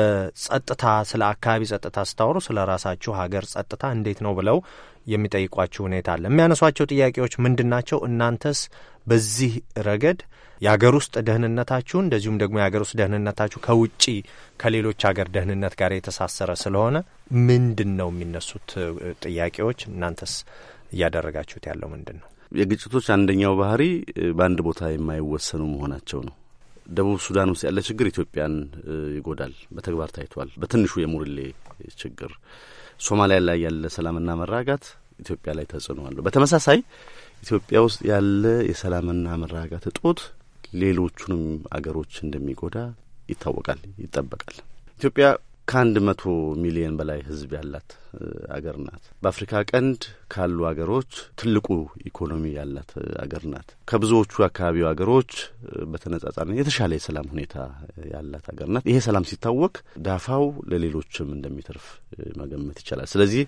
ጸጥታ፣ ስለ አካባቢ ጸጥታ ስታወሩ ስለ ራሳችሁ ሀገር ጸጥታ እንዴት ነው ብለው የሚጠይቋችሁ ሁኔታ አለ። የሚያነሷቸው ጥያቄዎች ምንድን ናቸው? እናንተስ በዚህ ረገድ የሀገር ውስጥ ደህንነታችሁ እንደዚሁም ደግሞ የሀገር ውስጥ ደህንነታችሁ ከውጭ ከሌሎች ሀገር ደህንነት ጋር የተሳሰረ ስለሆነ ምንድን ነው የሚነሱት ጥያቄዎች? እናንተስ እያደረጋችሁት
ያለው ምንድን ነው? የግጭቶች አንደኛው ባህሪ በአንድ ቦታ የማይወሰኑ መሆናቸው ነው። ደቡብ ሱዳን ውስጥ ያለ ችግር ኢትዮጵያን ይጎዳል፣ በተግባር ታይቷል። በትንሹ የሙርሌ ችግር፣ ሶማሊያ ላይ ያለ ሰላምና መራጋት ኢትዮጵያ ላይ ተጽዕኖ አለው። በተመሳሳይ ኢትዮጵያ ውስጥ ያለ የሰላምና መራጋት እጦት ሌሎቹንም አገሮች እንደሚጎዳ ይታወቃል፣ ይጠበቃል። ኢትዮጵያ ከአንድ መቶ ሚሊዮን በላይ ህዝብ ያላት አገር ናት። በአፍሪካ ቀንድ ካሉ አገሮች ትልቁ ኢኮኖሚ ያላት አገር ናት። ከብዙዎቹ አካባቢው አገሮች በተነጻጻሪ የተሻለ የሰላም ሁኔታ ያላት አገር ናት። ይሄ ሰላም ሲታወቅ ዳፋው ለሌሎችም እንደሚተርፍ መገመት ይቻላል። ስለዚህ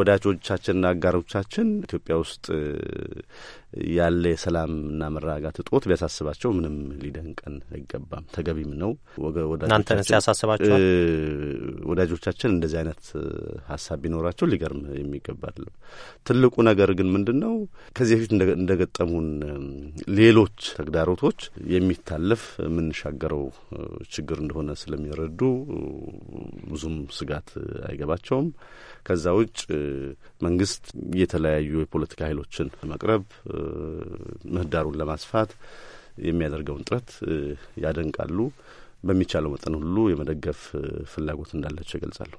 ወዳጆቻችንና አጋሮቻችን ኢትዮጵያ ውስጥ ያለ የሰላምና መረጋጋት እጦት ቢያሳስባቸው ምንም ሊደንቀን አይገባም፣ ተገቢም ነው። እናንተን ሲያሳስባቸው ወዳጆቻችን እንደዚህ አይነት ሀሳብ ቢኖራቸው ሊገርም የሚገባ አይደለም። ትልቁ ነገር ግን ምንድን ነው ከዚህ በፊት እንደገጠሙን ሌሎች ተግዳሮቶች የሚታለፍ የምንሻገረው ችግር እንደሆነ ስለሚረዱ ብዙም ስጋት አይገባቸውም። ከዛ ውጭ መንግስት የተለያዩ የፖለቲካ ኃይሎችን መቅረብ ምህዳሩን ለማስፋት የሚያደርገውን ጥረት ያደንቃሉ። በሚቻለው መጠን ሁሉ የመደገፍ ፍላጎት እንዳላቸው ይገልጻሉ።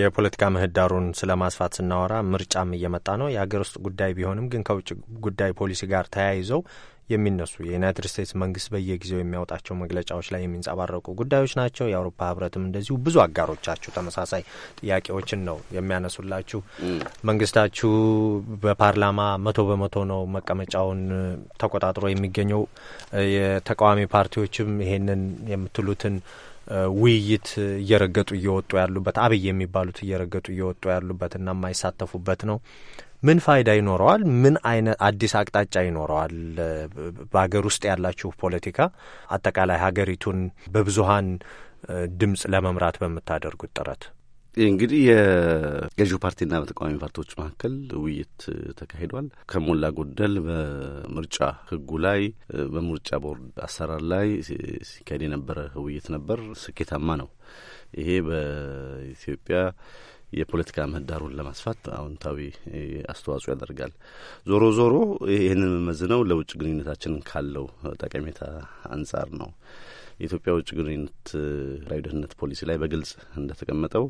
የፖለቲካ ምህዳሩን ስለ ማስፋት ስናወራ ምርጫም እየመጣ ነው። የሀገር ውስጥ ጉዳይ ቢሆንም ግን ከውጭ ጉዳይ ፖሊሲ ጋር ተያይዘው የሚነሱ የዩናይትድ ስቴትስ መንግስት በየጊዜው የሚያወጣቸው መግለጫዎች ላይ የሚንጸባረቁ ጉዳዮች ናቸው። የአውሮፓ ህብረትም እንደዚሁ ብዙ አጋሮቻችሁ ተመሳሳይ ጥያቄዎችን ነው የሚያነሱላችሁ። መንግስታችሁ በፓርላማ መቶ በመቶ ነው መቀመጫውን ተቆጣጥሮ የሚገኘው። የተቃዋሚ ፓርቲዎችም ይሄንን የምትሉትን ውይይት እየረገጡ እየወጡ ያሉበት አብይ የሚባሉት እየረገጡ እየወጡ ያሉበት እና የማይሳተፉበት ነው። ምን ፋይዳ ይኖረዋል? ምን አይነት አዲስ አቅጣጫ ይኖረዋል? በሀገር ውስጥ ያላችሁ ፖለቲካ አጠቃላይ ሀገሪቱን በብዙሀን ድምፅ ለመምራት በምታደርጉት ጥረት
እንግዲህ የገዢው ፓርቲና በተቃዋሚ ፓርቲዎች መካከል ውይይት ተካሂዷል። ከሞላ ጎደል በምርጫ ሕጉ ላይ በምርጫ ቦርድ አሰራር ላይ ሲካሄድ የነበረ ውይይት ነበር። ስኬታማ ነው። ይሄ በኢትዮጵያ የፖለቲካ ምህዳሩን ለማስፋት አዎንታዊ አስተዋጽኦ ያደርጋል። ዞሮ ዞሮ ይህንን መመዝነው ለውጭ ግንኙነታችን ካለው ጠቀሜታ አንጻር ነው። የኢትዮጵያ ውጭ ግንኙነት ራዊ ደህንነት ፖሊሲ ላይ በግልጽ እንደተቀመጠው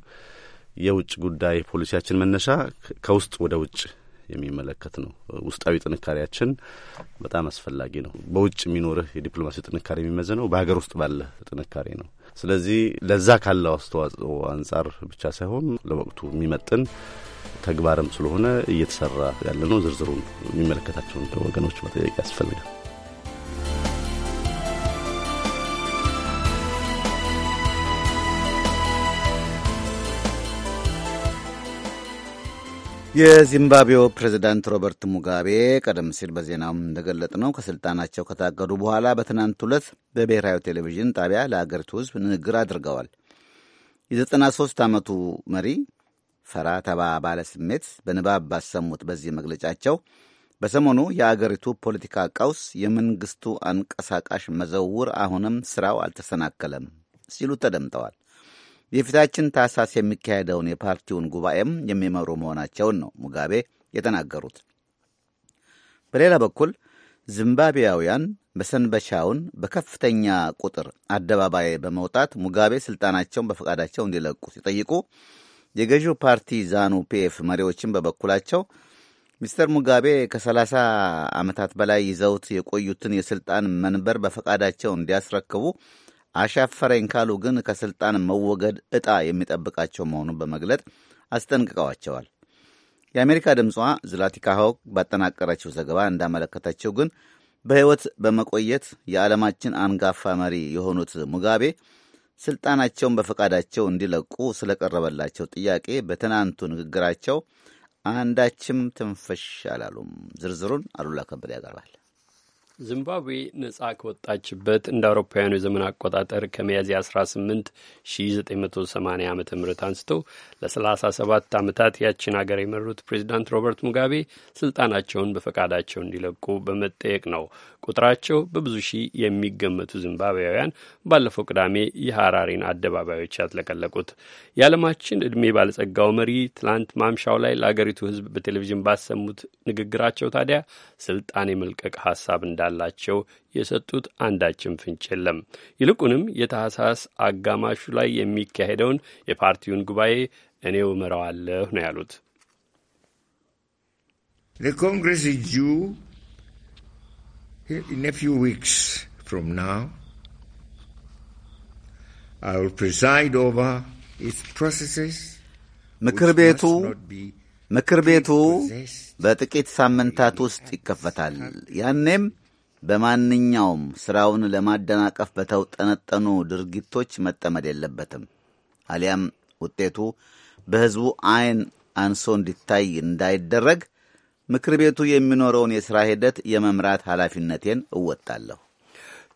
የውጭ ጉዳይ ፖሊሲያችን መነሻ ከውስጥ ወደ ውጭ የሚመለከት ነው። ውስጣዊ ጥንካሬያችን በጣም አስፈላጊ ነው። በውጭ የሚኖርህ የዲፕሎማሲ ጥንካሬ የሚመዘነው በሀገር ውስጥ ባለ ጥንካሬ ነው። ስለዚህ ለዛ ካለው አስተዋጽኦ አንጻር ብቻ ሳይሆን ለወቅቱ የሚመጥን ተግባርም ስለሆነ እየተሰራ ያለ ነው። ዝርዝሩን የሚመለከታቸውን ወገኖች መጠየቅ ያስፈልጋል።
የዚምባብዌው ፕሬዝዳንት ሮበርት ሙጋቤ ቀደም ሲል በዜናውም ነው። ከስልጣናቸው ከታገዱ በኋላ በትናንት ሁለት በብሔራዊ ቴሌቪዥን ጣቢያ ለአገሪቱ ሕዝብ ንግግር አድርገዋል። የ93 ዓመቱ መሪ ፈራ ተባ ባለ ስሜት በንባብ ባሰሙት በዚህ መግለጫቸው በሰሞኑ የአገሪቱ ፖለቲካ ቀውስ፣ የመንግስቱ አንቀሳቃሽ መዘውር አሁንም ስራው አልተሰናከለም ሲሉ ተደምጠዋል። የፊታችን ታህሳስ የሚካሄደውን የፓርቲውን ጉባኤም የሚመሩ መሆናቸውን ነው ሙጋቤ የተናገሩት። በሌላ በኩል ዚምባብያውያን መሰንበቻውን በከፍተኛ ቁጥር አደባባይ በመውጣት ሙጋቤ ስልጣናቸውን በፈቃዳቸው እንዲለቁ ሲጠይቁ የገዢው ፓርቲ ዛኑ ፒኤፍ መሪዎችን በበኩላቸው ሚስተር ሙጋቤ ከ30 ዓመታት በላይ ይዘውት የቆዩትን የስልጣን መንበር በፈቃዳቸው እንዲያስረክቡ አሻፈረኝ ካሉ ግን ከስልጣን መወገድ እጣ የሚጠብቃቸው መሆኑን በመግለጥ አስጠንቅቀዋቸዋል። የአሜሪካ ድምጿ ዝላቲካ ሆክ ባጠናቀረችው ዘገባ እንዳመለከተችው ግን በሕይወት በመቆየት የዓለማችን አንጋፋ መሪ የሆኑት ሙጋቤ ስልጣናቸውን በፈቃዳቸው እንዲለቁ ስለቀረበላቸው ጥያቄ በትናንቱ ንግግራቸው አንዳችም ትንፍሽ አላሉም።
ዝርዝሩን አሉላ ከበደ ያቀርባል። ዚምባብዌ ነጻ ከወጣችበት እንደ አውሮፓውያኑ የዘመን አቆጣጠር ከሚያዝያ 18 1980 ዓ ም አንስቶ ለ37 ዓመታት ያችን አገር የመሩት ፕሬዚዳንት ሮበርት ሙጋቤ ስልጣናቸውን በፈቃዳቸው እንዲለቁ በመጠየቅ ነው ቁጥራቸው በብዙ ሺህ የሚገመቱ ዚምባብያውያን ባለፈው ቅዳሜ የሐራሪን አደባባዮች ያትለቀለቁት። የዓለማችን ዕድሜ ባለጸጋው መሪ ትላንት ማምሻው ላይ ለአገሪቱ ሕዝብ በቴሌቪዥን ባሰሙት ንግግራቸው ታዲያ ስልጣን የመልቀቅ ሀሳብ እንዳለ እንዳላቸው የሰጡት አንዳችም ፍንጭ የለም። ይልቁንም የታህሳስ አጋማሹ ላይ የሚካሄደውን የፓርቲውን ጉባኤ እኔ እመራዋለሁ ነው ያሉት።
ኮንግረስ ጁ ኢን ፊው ዊክስ ፍሮም ናው አይ ዊል ፕሪዛይድ ኦቨር ኢትስ ፕሮሰስስ
ምክር ቤቱ ምክር ቤቱ በጥቂት ሳምንታት ውስጥ ይከፈታል። ያኔም በማንኛውም ስራውን ለማደናቀፍ በተውጠነጠኑ ድርጊቶች መጠመድ የለበትም። አሊያም ውጤቱ በሕዝቡ አይን አንሶ እንዲታይ እንዳይደረግ ምክር ቤቱ የሚኖረውን የሥራ ሂደት የመምራት ኃላፊነቴን እወጣለሁ።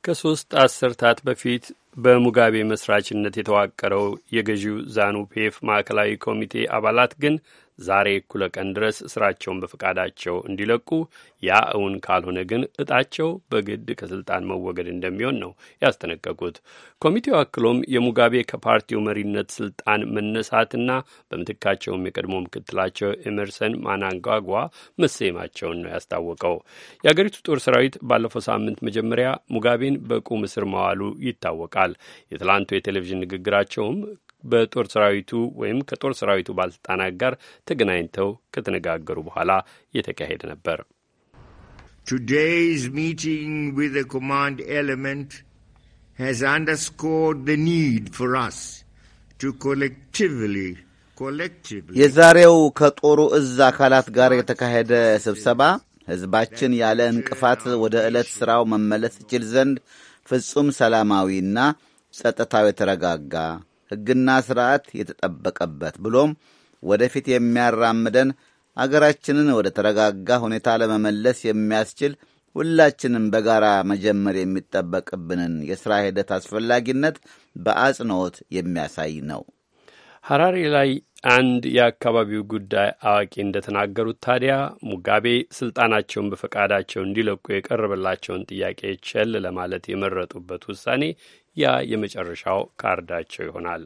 ከሦስት አስርታት በፊት በሙጋቤ መስራችነት የተዋቀረው የገዢው ዛኑ ማዕከላዊ ኮሚቴ አባላት ግን ዛሬ እኩለ ቀን ድረስ ስራቸውን በፈቃዳቸው እንዲለቁ፣ ያ እውን ካልሆነ ግን እጣቸው በግድ ከስልጣን መወገድ እንደሚሆን ነው ያስጠነቀቁት። ኮሚቴው አክሎም የሙጋቤ ከፓርቲው መሪነት ስልጣን መነሳትና በምትካቸውም የቀድሞ ምክትላቸው ኤመርሰን ማናንጓጓ መሰየማቸውን ነው ያስታወቀው። የአገሪቱ ጦር ሰራዊት ባለፈው ሳምንት መጀመሪያ ሙጋቤን በቁም እስር መዋሉ ይታወቃል። የትላንቱ የቴሌቪዥን ንግግራቸውም በጦር ሰራዊቱ ወይም ከጦር ሰራዊቱ ባለስልጣናት ጋር ተገናኝተው ከተነጋገሩ በኋላ የተካሄደ ነበር።
ቱዴይስ ሚቲንግ ዊዝ ዘ ኮማንድ ኤሌመንት ሃዝ አንደርስኮርድ ዘ ኒድ ፎር አስ ቱ ኮሌክቲቭሊ
የዛሬው ከጦሩ እዝ አካላት ጋር የተካሄደ ስብሰባ ሕዝባችን ያለ እንቅፋት ወደ ዕለት ሥራው መመለስ ይችል ዘንድ ፍጹም ሰላማዊና ጸጥታው የተረጋጋ ሕግና ስርዓት የተጠበቀበት ብሎም ወደፊት የሚያራምደን አገራችንን ወደ ተረጋጋ ሁኔታ ለመመለስ የሚያስችል ሁላችንም በጋራ መጀመር የሚጠበቅብንን የሥራ ሂደት አስፈላጊነት በአጽንኦት የሚያሳይ ነው።
ሐራሪ ላይ አንድ የአካባቢው ጉዳይ አዋቂ እንደተናገሩት ታዲያ ሙጋቤ ስልጣናቸውን በፈቃዳቸው እንዲለቁ የቀረበላቸውን ጥያቄ ቸል ለማለት የመረጡበት ውሳኔ ያ የመጨረሻው ካርዳቸው ይሆናል።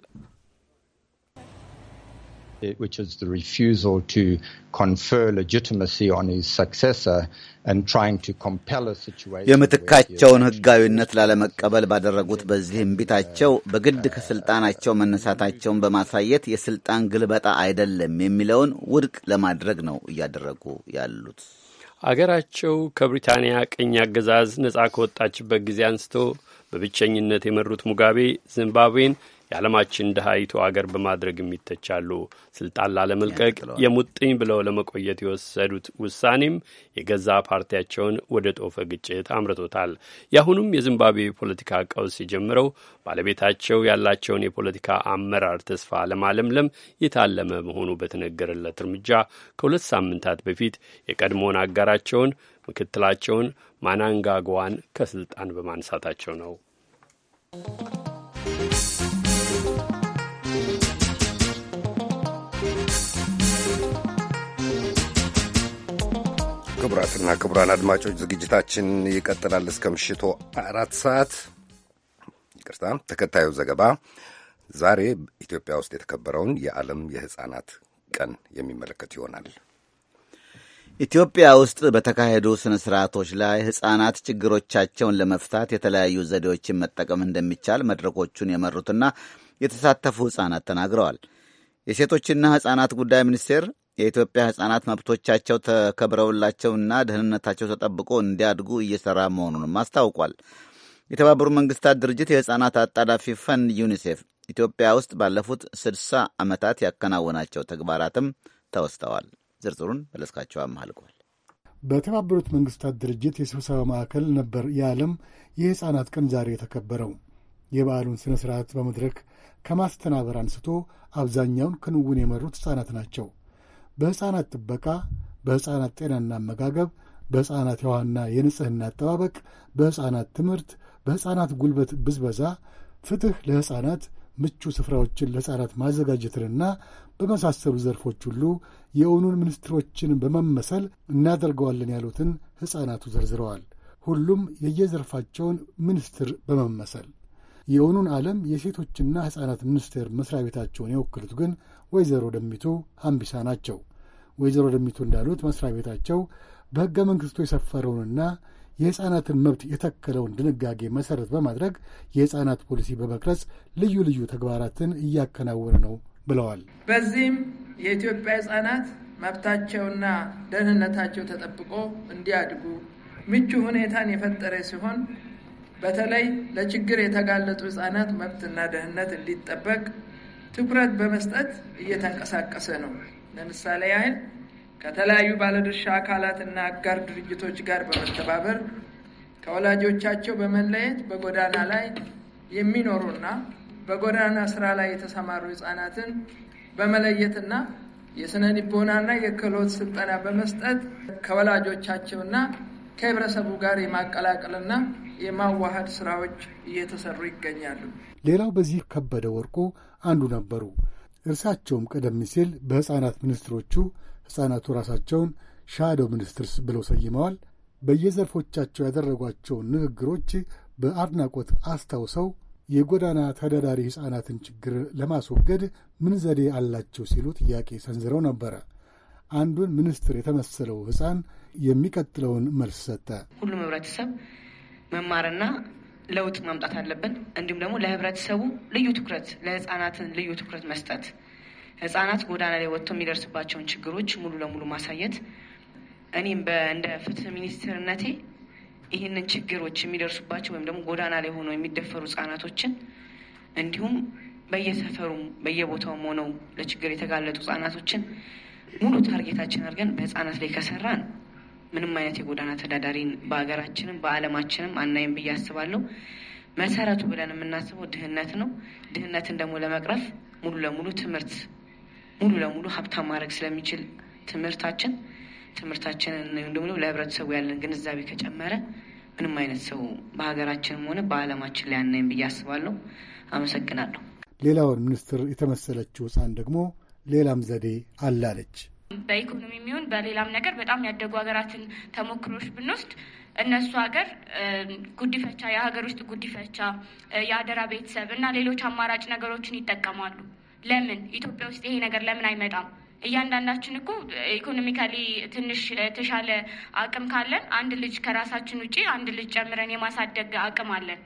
which is the refusal to confer legitimacy on his successor and trying to compel a situation የምትካቸውን ሕጋዊነት ላለመቀበል
ባደረጉት በዚህ እምቢታቸው በግድ ከስልጣናቸው መነሳታቸውን በማሳየት የስልጣን ግልበጣ አይደለም የሚለውን ውድቅ ለማድረግ ነው እያደረጉ ያሉት።
አገራቸው ከብሪታንያ ቅኝ አገዛዝ ነጻ ከወጣችበት ጊዜ አንስቶ በብቸኝነት የመሩት ሙጋቤ ዚምባብዌን የዓለማችን ድሃይቱ አገር በማድረግ የሚተቻሉ። ስልጣን ላለመልቀቅ የሙጥኝ ብለው ለመቆየት የወሰዱት ውሳኔም የገዛ ፓርቲያቸውን ወደ ጦፈ ግጭት አምርቶታል። የአሁኑም የዚምባብዌ ፖለቲካ ቀውስ የጀምረው ባለቤታቸው ያላቸውን የፖለቲካ አመራር ተስፋ ለማለምለም የታለመ መሆኑ በተነገረለት እርምጃ ከሁለት ሳምንታት በፊት የቀድሞውን አጋራቸውን ምክትላቸውን ማናንጋጓን ከስልጣን በማንሳታቸው ነው።
ክቡራትና ክቡራን አድማጮች ዝግጅታችን ይቀጥላል እስከ ምሽቱ አራት ሰዓት። ይቅርታ። ተከታዩ ዘገባ ዛሬ ኢትዮጵያ ውስጥ የተከበረውን የዓለም የሕፃናት ቀን የሚመለከት ይሆናል። ኢትዮጵያ ውስጥ
በተካሄዱ ስነ ስርዓቶች ላይ ህጻናት ችግሮቻቸውን ለመፍታት የተለያዩ ዘዴዎችን መጠቀም እንደሚቻል መድረኮቹን የመሩትና የተሳተፉ ህጻናት ተናግረዋል። የሴቶችና ህጻናት ጉዳይ ሚኒስቴር የኢትዮጵያ ህጻናት መብቶቻቸው ተከብረውላቸውና ደህንነታቸው ተጠብቆ እንዲያድጉ እየሰራ መሆኑንም አስታውቋል። የተባበሩ መንግስታት ድርጅት የህጻናት አጣዳፊ ፈንድ ዩኒሴፍ ኢትዮጵያ ውስጥ ባለፉት ስድሳ ዓመታት ያከናወናቸው ተግባራትም ተወስተዋል። ዝርዝሩን መለስካቸው አምሃ ልኳል።
በተባበሩት መንግስታት ድርጅት የስብሰባ ማዕከል ነበር የዓለም የሕፃናት ቀን ዛሬ የተከበረው። የበዓሉን ሥነ ሥርዓት በመድረክ ከማስተናበር አንስቶ አብዛኛውን ክንውን የመሩት ሕፃናት ናቸው። በሕፃናት ጥበቃ፣ በሕፃናት ጤናና አመጋገብ፣ በሕፃናት የውሃና የንጽሕና አጠባበቅ፣ በሕፃናት ትምህርት፣ በሕፃናት ጉልበት ብዝበዛ፣ ፍትሕ ለሕፃናት፣ ምቹ ስፍራዎችን ለሕፃናት ማዘጋጀትንና በመሳሰሉ ዘርፎች ሁሉ የእውኑን ሚኒስትሮችን በመመሰል እናደርገዋለን ያሉትን ሕፃናቱ ዘርዝረዋል። ሁሉም የየዘርፋቸውን ሚኒስትር በመመሰል የእውኑን ዓለም የሴቶችና ሕፃናት ሚኒስቴር መሥሪያ ቤታቸውን የወክሉት ግን ወይዘሮ ደሚቱ አምቢሳ ናቸው። ወይዘሮ ደሚቱ እንዳሉት መሥሪያ ቤታቸው በሕገ መንግሥቱ የሰፈረውንና የሕፃናትን መብት የተከለውን ድንጋጌ መሠረት በማድረግ የሕፃናት ፖሊሲ በመቅረጽ ልዩ ልዩ ተግባራትን እያከናወነ ነው ብለዋል።
በዚህም የኢትዮጵያ ህጻናት መብታቸውና ደህንነታቸው ተጠብቆ እንዲያድጉ ምቹ ሁኔታን የፈጠረ ሲሆን በተለይ ለችግር የተጋለጡ ህጻናት መብትና ደህንነት እንዲጠበቅ ትኩረት በመስጠት እየተንቀሳቀሰ ነው። ለምሳሌ ያህል ከተለያዩ ባለድርሻ አካላትና አጋር ድርጅቶች ጋር በመተባበር ከወላጆቻቸው በመለየት በጎዳና ላይ የሚኖሩና በጎዳና ስራ ላይ የተሰማሩ ህጻናትን በመለየትና የስነ ልቦናና የክህሎት ስልጠና በመስጠት ከወላጆቻቸውና ከህብረተሰቡ ጋር የማቀላቀልና የማዋሃድ ስራዎች እየተሰሩ ይገኛሉ።
ሌላው በዚህ ከበደ ወርቁ አንዱ ነበሩ። እርሳቸውም ቀደም ሲል በሕፃናት ሚኒስትሮቹ ሕፃናቱ ራሳቸውን ሻዶ ሚኒስትርስ ብለው ሰይመዋል። በየዘርፎቻቸው ያደረጓቸውን ንግግሮች በአድናቆት አስታውሰው የጎዳና ተዳዳሪ ሕፃናትን ችግር ለማስወገድ ምን ዘዴ አላቸው ሲሉ ጥያቄ ሰንዝረው ነበረ። አንዱን ሚኒስትር የተመሰለው ሕፃን የሚቀጥለውን መልስ ሰጠ።
ሁሉም ህብረተሰብ መማርና ለውጥ ማምጣት አለብን። እንዲሁም ደግሞ ለህብረተሰቡ ልዩ ትኩረት፣ ለህፃናትን ልዩ ትኩረት መስጠት፣ ህፃናት ጎዳና ላይ ወጥቶ የሚደርስባቸውን ችግሮች ሙሉ ለሙሉ ማሳየት እኔም እንደ ፍትህ ሚኒስትርነቴ ይህንን ችግሮች የሚደርሱባቸው ወይም ደግሞ ጎዳና ላይ ሆነው የሚደፈሩ ህጻናቶችን እንዲሁም በየሰፈሩም በየቦታውም ሆነው ለችግር የተጋለጡ ህጻናቶችን ሙሉ ታርጌታችን አድርገን በህጻናት ላይ ከሰራን ምንም አይነት የጎዳና ተዳዳሪን በሀገራችንም በዓለማችንም አናይም ብዬ አስባለሁ። መሰረቱ ብለን የምናስበው ድህነት ነው። ድህነትን ደግሞ ለመቅረፍ ሙሉ ለሙሉ ትምህርት ሙሉ ለሙሉ ሀብታም ማድረግ ስለሚችል ትምህርታችን ትምህርታችንን ወይም ደግሞ ለህብረተሰቡ ያለን ግንዛቤ ከጨመረ ምንም አይነት ሰው በሀገራችንም ሆነ በዓለማችን ላይ አናይም ብዬ አስባለሁ። አመሰግናለሁ።
ሌላውን ሚኒስትር የተመሰለችው ህፃን ደግሞ ሌላም ዘዴ አላለች።
በኢኮኖሚ የሚሆን በሌላም ነገር በጣም ያደጉ ሀገራትን ተሞክሮች ብንወስድ እነሱ ሀገር ጉዲፈቻ፣ የሀገር ውስጥ ጉዲፈቻ፣ የአደራ ቤተሰብ እና ሌሎች አማራጭ ነገሮችን ይጠቀማሉ። ለምን ኢትዮጵያ ውስጥ ይሄ ነገር ለምን አይመጣም? እያንዳንዳችን እኮ ኢኮኖሚካሊ ትንሽ የተሻለ አቅም ካለን አንድ ልጅ ከራሳችን ውጪ አንድ ልጅ ጨምረን የማሳደግ አቅም አለን።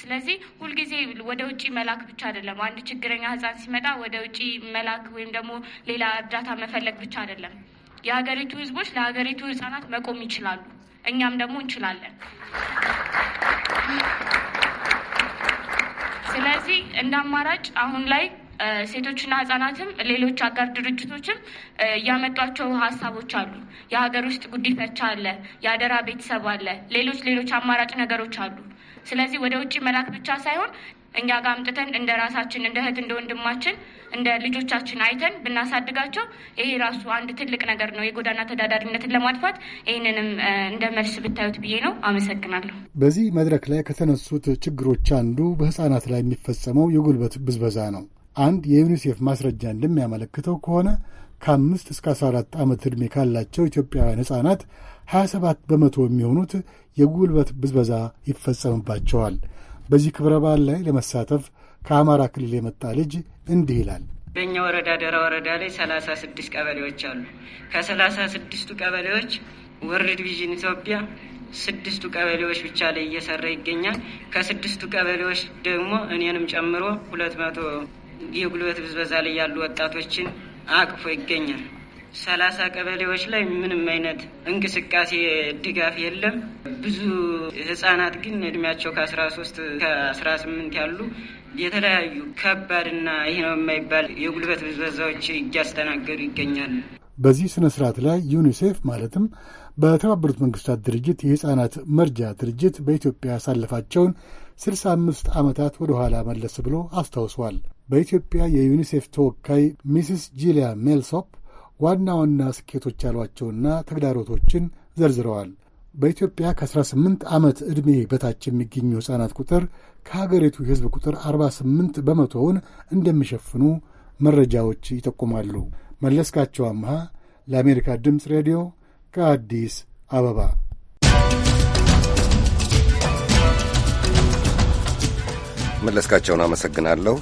ስለዚህ ሁልጊዜ ወደ ውጭ መላክ ብቻ አይደለም። አንድ ችግረኛ ህፃን ሲመጣ ወደ ውጭ መላክ ወይም ደግሞ ሌላ እርዳታ መፈለግ ብቻ አይደለም። የሀገሪቱ ህዝቦች ለሀገሪቱ ህጻናት መቆም ይችላሉ። እኛም ደግሞ እንችላለን። ስለዚህ እንደ አማራጭ አሁን ላይ ሴቶችና ህጻናትም ሌሎች አጋር ድርጅቶችም እያመጧቸው ሀሳቦች አሉ። የሀገር ውስጥ ጉዲፈቻ አለ፣ የአደራ ቤተሰብ አለ፣ ሌሎች ሌሎች አማራጭ ነገሮች አሉ። ስለዚህ ወደ ውጭ መላክ ብቻ ሳይሆን እኛ ጋር አምጥተን እንደ ራሳችን እንደ እህት እንደ ወንድማችን እንደ ልጆቻችን አይተን ብናሳድጋቸው ይሄ ራሱ አንድ ትልቅ ነገር ነው። የጎዳና ተዳዳሪነትን ለማጥፋት ይህንንም እንደ መልስ ብታዩት ብዬ ነው። አመሰግናለሁ።
በዚህ መድረክ ላይ ከተነሱት ችግሮች አንዱ በህጻናት ላይ የሚፈጸመው የጉልበት ብዝበዛ ነው። አንድ የዩኒሴፍ ማስረጃ እንደሚያመለክተው ከሆነ ከአምስት እስከ 14 ዓመት ዕድሜ ካላቸው ኢትዮጵያውያን ሕፃናት 27 በመቶ የሚሆኑት የጉልበት ብዝበዛ ይፈጸምባቸዋል። በዚህ ክብረ በዓል ላይ ለመሳተፍ ከአማራ ክልል የመጣ ልጅ እንዲህ ይላል።
በእኛ ወረዳ ደራ ወረዳ
ላይ 36 ቀበሌዎች አሉ። ከ36ቱ ቀበሌዎች ወርድ ዲቪዥን ኢትዮጵያ ስድስቱ ቀበሌዎች ብቻ ላይ እየሰራ ይገኛል። ከስድስቱ ቀበሌዎች ደግሞ እኔንም ጨምሮ ሁለት መቶ የጉልበት ብዝበዛ ላይ ያሉ ወጣቶችን አቅፎ ይገኛል። ሰላሳ ቀበሌዎች ላይ ምንም አይነት እንቅስቃሴ ድጋፍ የለም። ብዙ ህጻናት ግን እድሜያቸው ከአስራ ሶስት ከአስራ
ስምንት ያሉ የተለያዩ ከባድና ይህ ነው የማይባል የጉልበት ብዝበዛዎች እያስተናገዱ ይገኛሉ።
በዚህ ስነ ስርዓት ላይ ዩኒሴፍ ማለትም በተባበሩት መንግስታት ድርጅት የህፃናት መርጃ ድርጅት በኢትዮጵያ ያሳለፋቸውን ስልሳ አምስት ዓመታት ወደ ኋላ መለስ ብሎ አስታውሷል። በኢትዮጵያ የዩኒሴፍ ተወካይ ሚስስ ጂሊያ ሜልሶፕ ዋና ዋና ስኬቶች ያሏቸውና ተግዳሮቶችን ዘርዝረዋል። በኢትዮጵያ ከ18 ዓመት ዕድሜ በታች የሚገኙ ሕፃናት ቁጥር ከሀገሪቱ የሕዝብ ቁጥር 48 በመቶውን እንደሚሸፍኑ መረጃዎች ይጠቁማሉ። መለስካቸው አምሃ ለአሜሪካ ድምፅ ሬዲዮ ከአዲስ አበባ
መለስካቸውን አመሰግናለሁ።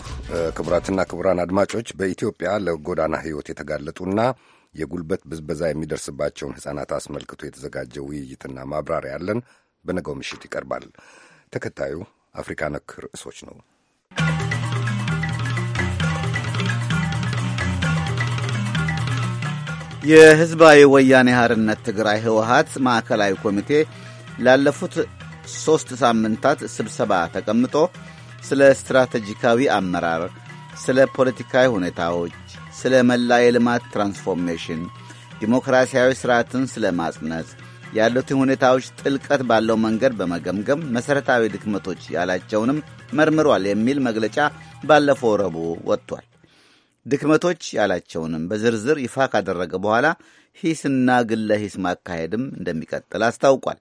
ክቡራትና ክቡራን አድማጮች በኢትዮጵያ ለጎዳና ሕይወት የተጋለጡና የጉልበት ብዝበዛ የሚደርስባቸውን ሕፃናት አስመልክቶ የተዘጋጀ ውይይትና ማብራሪያ ያለን በነገው ምሽት ይቀርባል። ተከታዩ አፍሪካ ነክ ርዕሶች ነው።
የህዝባዊ ወያኔ ሐርነት ትግራይ ህወሀት ማዕከላዊ ኮሚቴ ላለፉት ሦስት ሳምንታት ስብሰባ ተቀምጦ ስለ ስትራቴጂካዊ አመራር፣ ስለ ፖለቲካዊ ሁኔታዎች፣ ስለ መላ የልማት ትራንስፎርሜሽን፣ ዲሞክራሲያዊ ሥርዓትን ስለ ማጽነት ያሉትን ሁኔታዎች ጥልቀት ባለው መንገድ በመገምገም መሠረታዊ ድክመቶች ያላቸውንም መርምሯል የሚል መግለጫ ባለፈው ረቡዕ ወጥቷል። ድክመቶች ያላቸውንም በዝርዝር ይፋ ካደረገ በኋላ ሂስና ግለ ሂስ ማካሄድም እንደሚቀጥል አስታውቋል።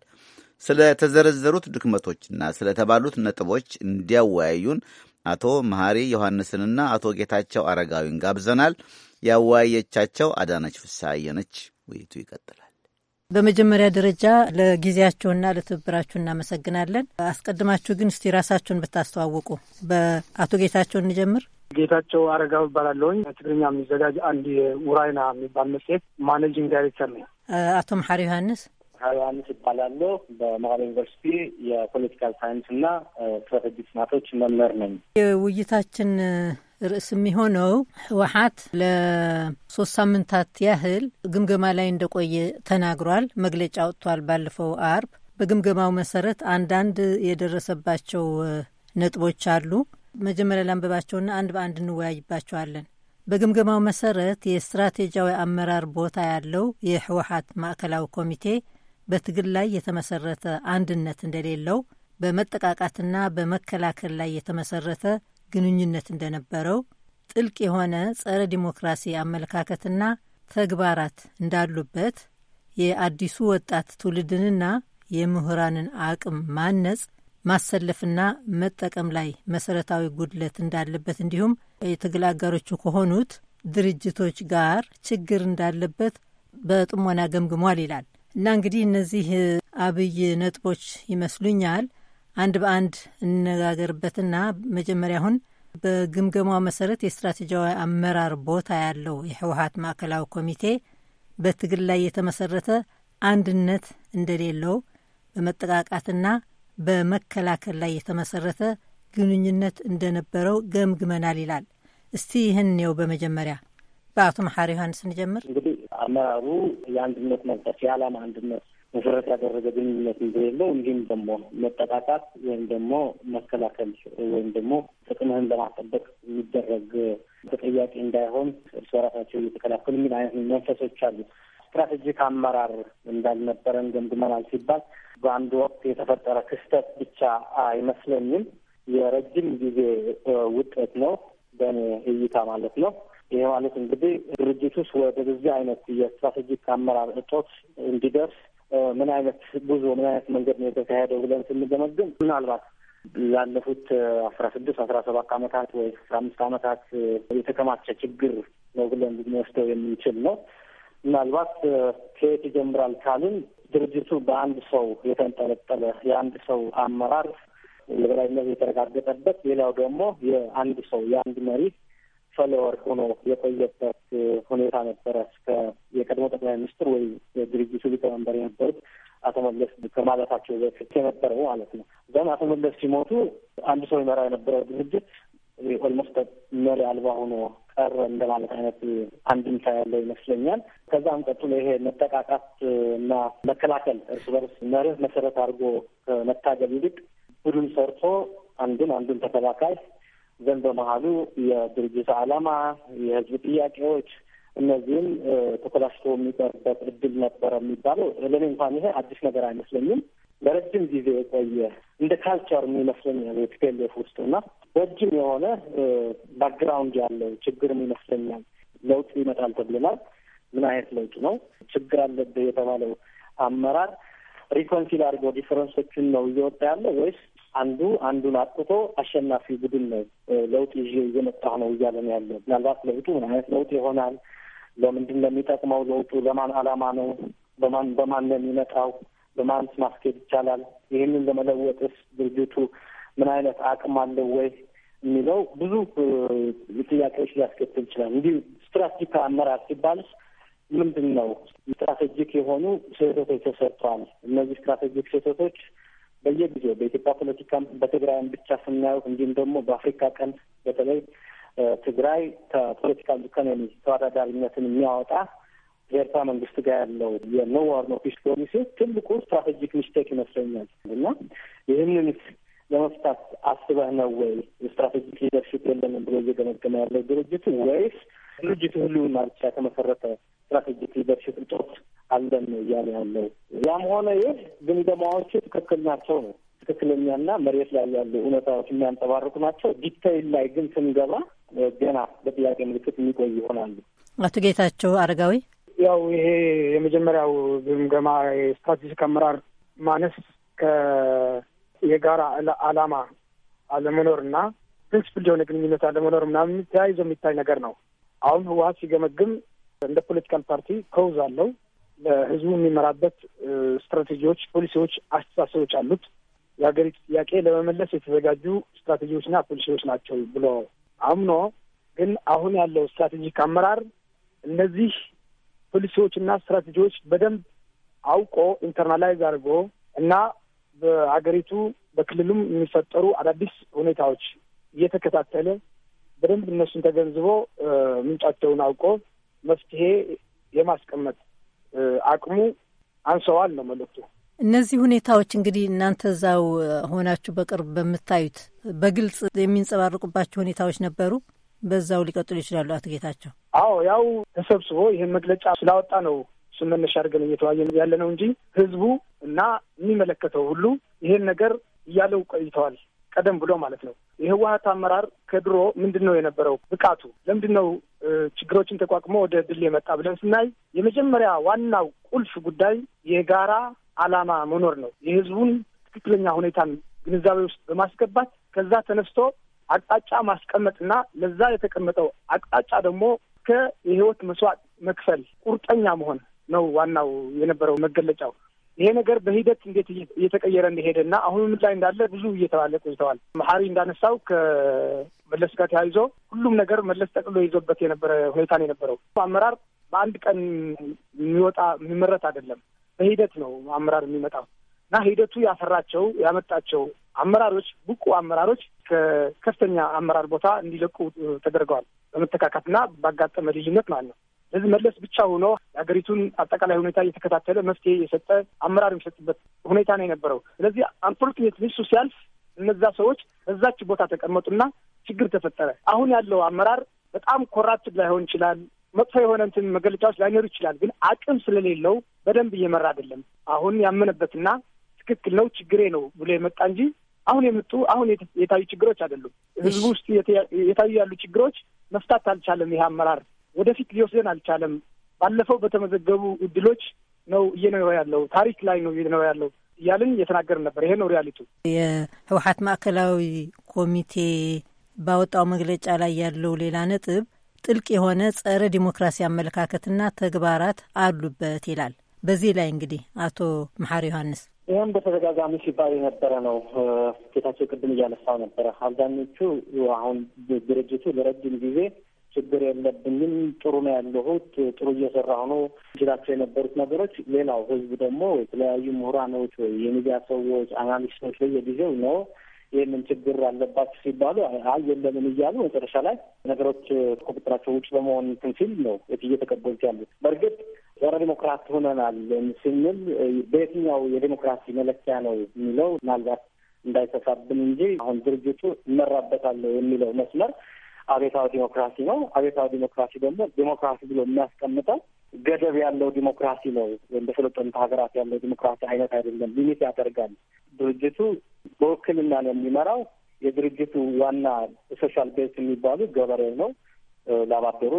ስለተዘረዘሩት ድክመቶችና ስለተባሉት ነጥቦች እንዲያወያዩን አቶ መሐሪ ዮሐንስንና አቶ ጌታቸው አረጋዊን ጋብዘናል። ያወያየቻቸው አዳነች ፍሳ ነች። ውይይቱ ይቀጥላል።
በመጀመሪያ ደረጃ ለጊዜያቸውና ለትብብራችሁ እናመሰግናለን። አስቀድማችሁ ግን እስቲ ራሳችሁን ብታስተዋውቁ። በአቶ ጌታቸው እንጀምር።
ጌታቸው አረጋው እባላለሁኝ። ትግርኛ የሚዘጋጅ አንድ ውራይና የሚባል መጽሔት ማኔጂንግ ዳይሬክተር ነኝ።
አቶ መሐሪ ዮሐንስ
ሀያ ዮሐንስ ይባላለሁ። በመቀለ ዩኒቨርሲቲ የፖለቲካል ሳይንስ እና ስትራቴጂ ጥናቶች መምህር ነኝ።
የውይይታችን ርዕስ የሚሆነው ህወሀት ለሶስት ሳምንታት ያህል ግምገማ ላይ እንደቆየ ተናግሯል። መግለጫ ወጥቷል ባለፈው አርብ። በግምገማው መሰረት አንዳንድ የደረሰባቸው ነጥቦች አሉ። መጀመሪያ ላንብባቸውና አንድ በአንድ እንወያይባቸዋለን። በግምገማው መሰረት የስትራቴጂያዊ አመራር ቦታ ያለው የህወሀት ማዕከላዊ ኮሚቴ በትግል ላይ የተመሰረተ አንድነት እንደሌለው በመጠቃቃትና በመከላከል ላይ የተመሰረተ ግንኙነት እንደነበረው ጥልቅ የሆነ ጸረ ዲሞክራሲ አመለካከትና ተግባራት እንዳሉበት የአዲሱ ወጣት ትውልድንና የምሁራንን አቅም ማነጽ ማሰለፍና መጠቀም ላይ መሰረታዊ ጉድለት እንዳለበት እንዲሁም የትግል አጋሮቹ ከሆኑት ድርጅቶች ጋር ችግር እንዳለበት በጥሞና ገምግሟል ይላል። እና እንግዲህ እነዚህ አብይ ነጥቦች ይመስሉኛል። አንድ በአንድ እነጋገርበትና መጀመሪያ አሁን በግምገማ መሰረት የስትራቴጂያዊ አመራር ቦታ ያለው የህወሀት ማዕከላዊ ኮሚቴ በትግል ላይ የተመሰረተ አንድነት እንደሌለው በመጠቃቃትና በመከላከል ላይ የተመሰረተ ግንኙነት እንደነበረው ገምግመናል ይላል። እስቲ ይህን ኔው በመጀመሪያ በአቶ መሐሪ ዮሐንስ እንጀምር። እንግዲህ
አመራሩ የአንድነት መንፈስ የዓላማ አንድነት መሰረት ያደረገ ግንኙነት እንደሌለው እንዲሁም ደግሞ መጠቃቃት ወይም ደግሞ መከላከል ወይም ደግሞ ጥቅምህን ለማስጠበቅ የሚደረግ ተጠያቂ እንዳይሆን እርስ በራሳቸው እየተከላከሉ የሚል አይነት መንፈሶች አሉ። ስትራቴጂክ አመራር እንዳልነበረን ገምግመናል ሲባል በአንድ ወቅት የተፈጠረ ክስተት ብቻ አይመስለኝም። የረጅም ጊዜ ውጤት ነው በእኔ እይታ ማለት ነው። ይሄ ማለት እንግዲህ ድርጅቱስ ወደ በዚህ አይነት የስትራቴጂክ አመራር እጦት እንዲደርስ ምን አይነት ጉዞ ምን አይነት መንገድ ነው የተካሄደው ብለን ስንገመግም ምናልባት ላለፉት አስራ ስድስት አስራ ሰባት አመታት ወይ አስራ አምስት አመታት የተከማቸ ችግር ነው ብለን ልንወስደው የምንችል ነው። ምናልባት ከየት ይጀምራል ካልን ድርጅቱ በአንድ ሰው የተንጠለጠለ የአንድ ሰው አመራር የበላይነት የተረጋገጠበት፣ ሌላው ደግሞ የአንድ ሰው የአንድ መሪ ፎሎወር ሆኖ የቆየበት ሁኔታ ነበረ እስከ የቀድሞ ጠቅላይ ሚኒስትር ወይ የድርጅቱ ሊቀመንበር የነበሩት አቶ መለስ ከማለታቸው በፊት የነበረው ማለት ነው። እዛም አቶ መለስ ሲሞቱ አንድ ሰው ይመራ የነበረው ድርጅት ኦልሞስት መሪ አልባ ሆኖ ቀር እንደማለት አይነት አንድምታ ያለው ይመስለኛል። ከዛም ቀጥሎ ይሄ መጠቃቃት እና መከላከል እርስ በርስ መርህ መሰረት አድርጎ ከመታገል ይልቅ ቡድን ሰርቶ አንዱን አንዱን ተከላካይ ዘን በመሀሉ የድርጅት ዓላማ፣ የህዝብ ጥያቄዎች እነዚህም ተኮላሽቶ የሚቀርበት እድል ነበረ የሚባለው ለእኔ እንኳን ይሄ አዲስ ነገር አይመስለኝም። ለረጅም ጊዜ የቆየ እንደ ካልቸር የሚመስለኛል የቲፒኤልኤፍ ውስጥ እና ረጅም የሆነ ባክግራውንድ ያለው ችግርም ይመስለኛል። ለውጥ ይመጣል ተብለናል። ምን አይነት ለውጥ ነው? ችግር አለብህ የተባለው አመራር ሪኮንሲል አድርገው ዲፈረንሶችን ነው እየወጣ ያለው ወይስ አንዱ አንዱን አጥቶ አሸናፊ ቡድን ነው ለውጥ ይዤ እየመጣሁ ነው እያለን ያለ ያለው። ምናልባት ለውጡ ምን አይነት ለውጥ ይሆናል? ለምንድን ነው የሚጠቅመው? ለውጡ ለማን ዓላማ ነው? በማን በማን ነው የሚመጣው? በማንስ ማስኬድ ይቻላል? ይህንን ለመለወጥስ ድርጅቱ ምን አይነት አቅም አለው ወይ የሚለው ብዙ ጥያቄዎች ሊያስከትል ይችላል። እንዲህ ስትራቴጂክ አመራር ሲባል ምንድን ነው? ስትራቴጂክ የሆኑ ስህተቶች ተሰርተዋል። እነዚህ ስትራቴጂክ ስህተቶች በየጊዜው በኢትዮጵያ ፖለቲካም በትግራይም ብቻ ስናየው እንዲሁም ደግሞ በአፍሪካ ቀን በተለይ ትግራይ ከፖለቲካል ኢኮኖሚ ተወዳዳሪነትን የሚያወጣ ከኤርትራ መንግስት ጋር ያለው የኖ ዋር ኖ ፒስ ፖሊሲ ትልቁ ስትራቴጂክ ሚስቴክ ይመስለኛል እና ይህንን ለመፍታት አስበህ ነው ወይ ስትራቴጂክ ሊደርሽፕ የለንም ብሎ እየገመገመ ያለው ድርጅቱ ወይስ ድርጅቱ ሁሉን ማርቻ የተመሰረተ ስትራቴጂክ ሊደርሽፕ ጦት አለን እያለ ያለው። ያም ሆነ ይህ ግምገማዎቹ ትክክል ናቸው ነው ትክክለኛና መሬት ላይ ያሉ እውነታዎች የሚያንጸባርቁ ናቸው። ዲታይል ላይ ግን ስንገባ ገና በጥያቄ ምልክት የሚቆይ ይሆናሉ።
አቶ ጌታቸው አረጋዊ፣
ያው ይሄ የመጀመሪያው ግምገማ የስትራቴጂክ አመራር ማነስ ከየጋራ አላማ አለመኖርና ፕሪንስፕል የሆነ ግንኙነት አለመኖር ምናምን ተያይዞ የሚታይ ነገር ነው። አሁን ህወሀት ሲገመግም እንደ ፖለቲካል ፓርቲ ከውዝ አለው ለህዝቡ የሚመራበት ስትራቴጂዎች፣ ፖሊሲዎች፣ አስተሳሰቦች አሉት። የሀገሪቱ ጥያቄ ለመመለስ የተዘጋጁ ስትራቴጂዎችና ፖሊሲዎች ናቸው ብሎ አምኖ ግን አሁን ያለው ስትራቴጂክ አመራር እነዚህ ፖሊሲዎችና ስትራቴጂዎች በደንብ አውቆ ኢንተርናላይዝ አድርጎ እና በሀገሪቱ በክልሉም የሚፈጠሩ አዳዲስ ሁኔታዎች እየተከታተለ በደንብ እነሱን ተገንዝቦ ምንጫቸውን አውቆ መፍትሄ የማስቀመጥ አቅሙ አንሰዋል ነው መልእክቱ።
እነዚህ ሁኔታዎች እንግዲህ እናንተ እዛው ሆናችሁ በቅርብ በምታዩት በግልጽ የሚንጸባረቁባቸው ሁኔታዎች ነበሩ። በዛው ሊቀጥሉ ይችላሉ። አቶ ጌታቸው፣
አዎ ያው ተሰብስቦ ይህን መግለጫ ስላወጣ ነው ስመነሻ አድርገን እየተዋየ ያለ ነው እንጂ ህዝቡ እና የሚመለከተው ሁሉ ይሄን ነገር እያለው ቆይተዋል። ቀደም ብሎ ማለት ነው። የህወሀት አመራር ከድሮ ምንድን ነው የነበረው ብቃቱ? ለምንድን ነው ችግሮችን ተቋቁሞ ወደ ድል የመጣ ብለን ስናይ የመጀመሪያ ዋናው ቁልፍ ጉዳይ የጋራ አላማ መኖር ነው። የህዝቡን ትክክለኛ ሁኔታን ግንዛቤ ውስጥ በማስገባት ከዛ ተነስቶ አቅጣጫ ማስቀመጥና ለዛ የተቀመጠው አቅጣጫ ደግሞ ከየህይወት መስዋዕት መክፈል ቁርጠኛ መሆን ነው ዋናው የነበረው መገለጫው። ይሄ ነገር በሂደት እንዴት እየተቀየረ እንደሄደ እና አሁንም ላይ እንዳለ ብዙ እየተባለ ቆይተዋል። መሀሪ እንዳነሳው ከመለስ ጋር ተያይዞ ሁሉም ነገር መለስ ጠቅሎ ይዞበት የነበረ ሁኔታ ነው የነበረው። አመራር በአንድ ቀን የሚወጣ የሚመረት አይደለም፣ በሂደት ነው አመራር የሚመጣው እና ሂደቱ ያፈራቸው ያመጣቸው አመራሮች ብቁ አመራሮች ከከፍተኛ አመራር ቦታ እንዲለቁ ተደርገዋል። በመተካካትና ባጋጠመ ልዩነት ማለት ነው። ስለዚህ መለስ ብቻ ሆኖ የሀገሪቱን አጠቃላይ ሁኔታ እየተከታተለ መፍትሄ የሰጠ አመራር የሚሰጥበት ሁኔታ ነው የነበረው። ስለዚህ አንፎርትኔት ሚሱ ሲያልፍ እነዛ ሰዎች በዛች ቦታ ተቀመጡና ችግር ተፈጠረ። አሁን ያለው አመራር በጣም ኮራፕትድ ላይሆን ይችላል፣ መጥፎ የሆነ እንትን መገለጫዎች ላይኖሩ ይችላል። ግን አቅም ስለሌለው በደንብ እየመራ አይደለም። አሁን ያመነበትና ትክክል ነው ችግሬ ነው ብሎ የመጣ እንጂ አሁን የመጡ አሁን የታዩ ችግሮች አይደሉም። ህዝቡ ውስጥ የታዩ ያሉ ችግሮች መፍታት አልቻለም ይህ አመራር ወደፊት ሊወስደን አልቻለም። ባለፈው በተመዘገቡ እድሎች ነው እየኖረ ያለው ታሪክ ላይ ነው እየኖረ ያለው እያልን እየተናገርን ነበር። ይሄ ነው ሪያሊቱ።
የህወሀት ማዕከላዊ ኮሚቴ ባወጣው መግለጫ ላይ ያለው ሌላ ነጥብ ጥልቅ የሆነ ጸረ ዲሞክራሲ አመለካከትና ተግባራት አሉበት ይላል። በዚህ ላይ እንግዲህ አቶ መሐር ዮሐንስ
ይህም በተደጋጋሚ ሲባል የነበረ ነው። ጌታቸው ቅድም እያነሳው ነበረ። አብዛኞቹ አሁን ድርጅቱ ለረጅም ጊዜ ችግር የለብኝም፣ ጥሩ ነው ያለሁት፣ ጥሩ እየሰራ ሆኖ ችላቸው የነበሩት ነገሮች። ሌላው ህዝብ ደግሞ የተለያዩ ምሁራኖች ወይ የሚዲያ ሰዎች፣ አናሊስቶች በየጊዜው ነው ይህንን ችግር አለባቸው ሲባሉ አይ የለምን እያሉ መጨረሻ ላይ ነገሮች ቁጥጥራቸው ውጭ በመሆን እንትን ሲል ነው እየተቀበሉት ያሉት። በእርግጥ ጸረ ዲሞክራት ሆነናል ስንል በየትኛው የዲሞክራሲ መለኪያ ነው የሚለው ምናልባት እንዳይሰፋብን እንጂ አሁን ድርጅቱ እመራበታለሁ የሚለው መስመር አቤታዊ ዲሞክራሲ ነው። አቤታዊ ዲሞክራሲ ደግሞ ዲሞክራሲ ብሎ የሚያስቀምጠው ገደብ ያለው ዲሞክራሲ ነው። ወይም በሰለጠኑት ሀገራት ያለው ዲሞክራሲ አይነት አይደለም። ሊሚት ያደርጋል። ድርጅቱ በውክልና ነው የሚመራው። የድርጅቱ ዋና ሶሻል ቤዝ የሚባሉ ገበሬ ነው። ላባደሩ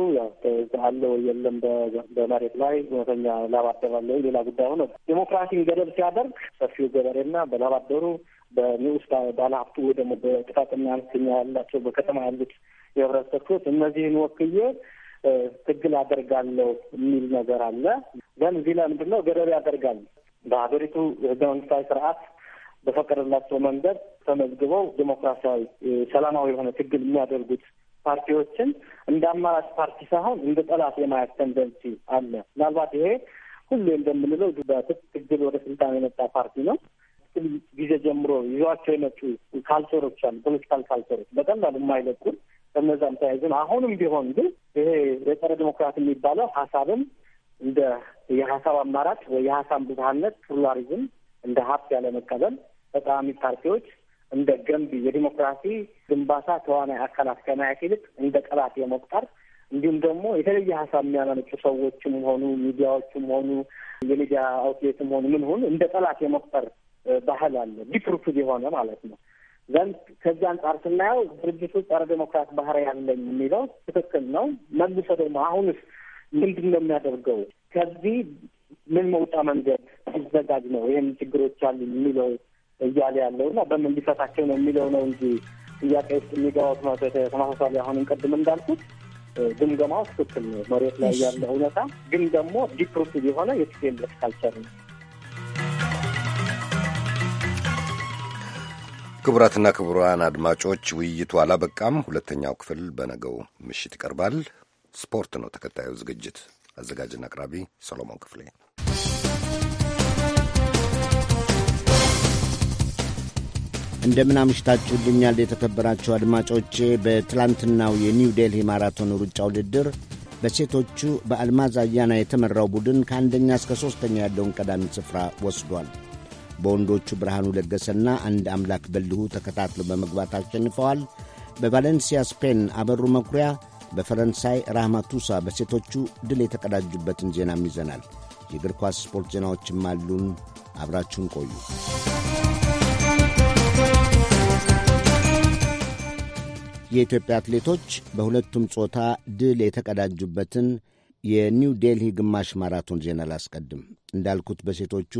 አለ ወይ የለም፣ በመሬት ላይ እውነተኛ ላባደር አለ ወይ ሌላ ጉዳይ ሆነ። ዲሞክራሲን ገደብ ሲያደርግ ሰፊው ገበሬና በላብ አደሩ በንዑስ ባለሀብቱ ወይ ደግሞ በጥቃቅንና አነስተኛ ያላቸው በከተማ ያሉት የህብረተሰብ ክፍሎች እነዚህን ወክዬ ትግል አደርጋለሁ የሚል ነገር አለ። ግን እዚህ ላይ ምንድነው ገደብ ያደርጋል። በሀገሪቱ ህገ መንግስታዊ ስርዓት በፈቀደላቸው መንገድ ተመዝግበው ዲሞክራሲያዊ ሰላማዊ የሆነ ትግል የሚያደርጉት ፓርቲዎችን እንደ አማራጭ ፓርቲ ሳይሆን እንደ ጠላት የማየት ተንደንሲ አለ። ምናልባት ይሄ ሁሉ እንደምንለው ትግል ወደ ስልጣን የመጣ ፓርቲ ነው። ጊዜ ጀምሮ ይዟቸው የመጡ ካልቸሮች አሉ፣ ፖለቲካል ካልቸሮች በቀላሉ የማይለቁን በነዛም ተያይዘን አሁንም ቢሆን ግን ይሄ የጸረ ዲሞክራት የሚባለው ሀሳብም እንደ የሀሳብ አማራጭ ወይ የሀሳብ ብዝሃነት ፕሉራሊዝም እንደ ሀብት ያለ መቀበል ተቃዋሚ ፓርቲዎች እንደ ገንቢ የዲሞክራሲ ግንባታ ተዋናይ አካላት ከማየት ይልቅ እንደ ጠላት የመቁጠር እንዲሁም ደግሞ የተለየ ሀሳብ የሚያመነጩ ሰዎችም ሆኑ ሚዲያዎችም ሆኑ የሚዲያ አውትሌትም ሆኑ ምን ሆኑ እንደ ጠላት የመቁጠር ባህል አለ ዲፕሩትድ የሆነ ማለት ነው። ዘንድ ከዚህ አንጻር ስናየው ድርጅቱ ጸረ ዴሞክራት ባህሪ ያለኝ የሚለው ትክክል ነው። መልሶ ደግሞ አሁንስ ምንድን ነው የሚያደርገው? ከዚህ ምን መውጫ መንገድ ሲዘጋጅ ነው ይህም ችግሮች አሉ የሚለው እያለ ያለው እና በምን ሊፈታቸው ነው የሚለው ነው እንጂ ጥያቄ ውስጥ የሚገባው ተመሳሳይ አሁንም ቅድም እንዳልኩት ግምገማው ትክክል ነው መሬት ላይ ያለ እውነታ ግን ደግሞ ዲፕሩቲቭ የሆነ የስፔን ካልቸር ነው።
ክቡራትና ክቡራን አድማጮች ውይይቱ አላበቃም። ሁለተኛው ክፍል በነገው ምሽት ይቀርባል። ስፖርት ነው ተከታዩ ዝግጅት። አዘጋጅና አቅራቢ ሰሎሞን ክፍሌ።
እንደምን አምሽታችሁልኛል የተከበራችሁ አድማጮቼ። በትላንትናው የኒው ዴልሂ ማራቶን ሩጫ ውድድር በሴቶቹ በአልማዝ አያና የተመራው ቡድን ከአንደኛ እስከ ሦስተኛ ያለውን ቀዳሚ ስፍራ ወስዷል። በወንዶቹ ብርሃኑ ለገሰና አንድ አምላክ በልሁ ተከታትሎ በመግባት አሸንፈዋል። በቫሌንሲያ ስፔን አበሩ መኩሪያ፣ በፈረንሳይ ራህማቱሳ በሴቶቹ ድል የተቀዳጁበትን ዜናም ይዘናል። የእግር ኳስ ስፖርት ዜናዎችም አሉን። አብራችሁን ቆዩ። የኢትዮጵያ አትሌቶች በሁለቱም ጾታ ድል የተቀዳጁበትን የኒው ዴልሂ ግማሽ ማራቶን ዜና ላስቀድም። እንዳልኩት በሴቶቹ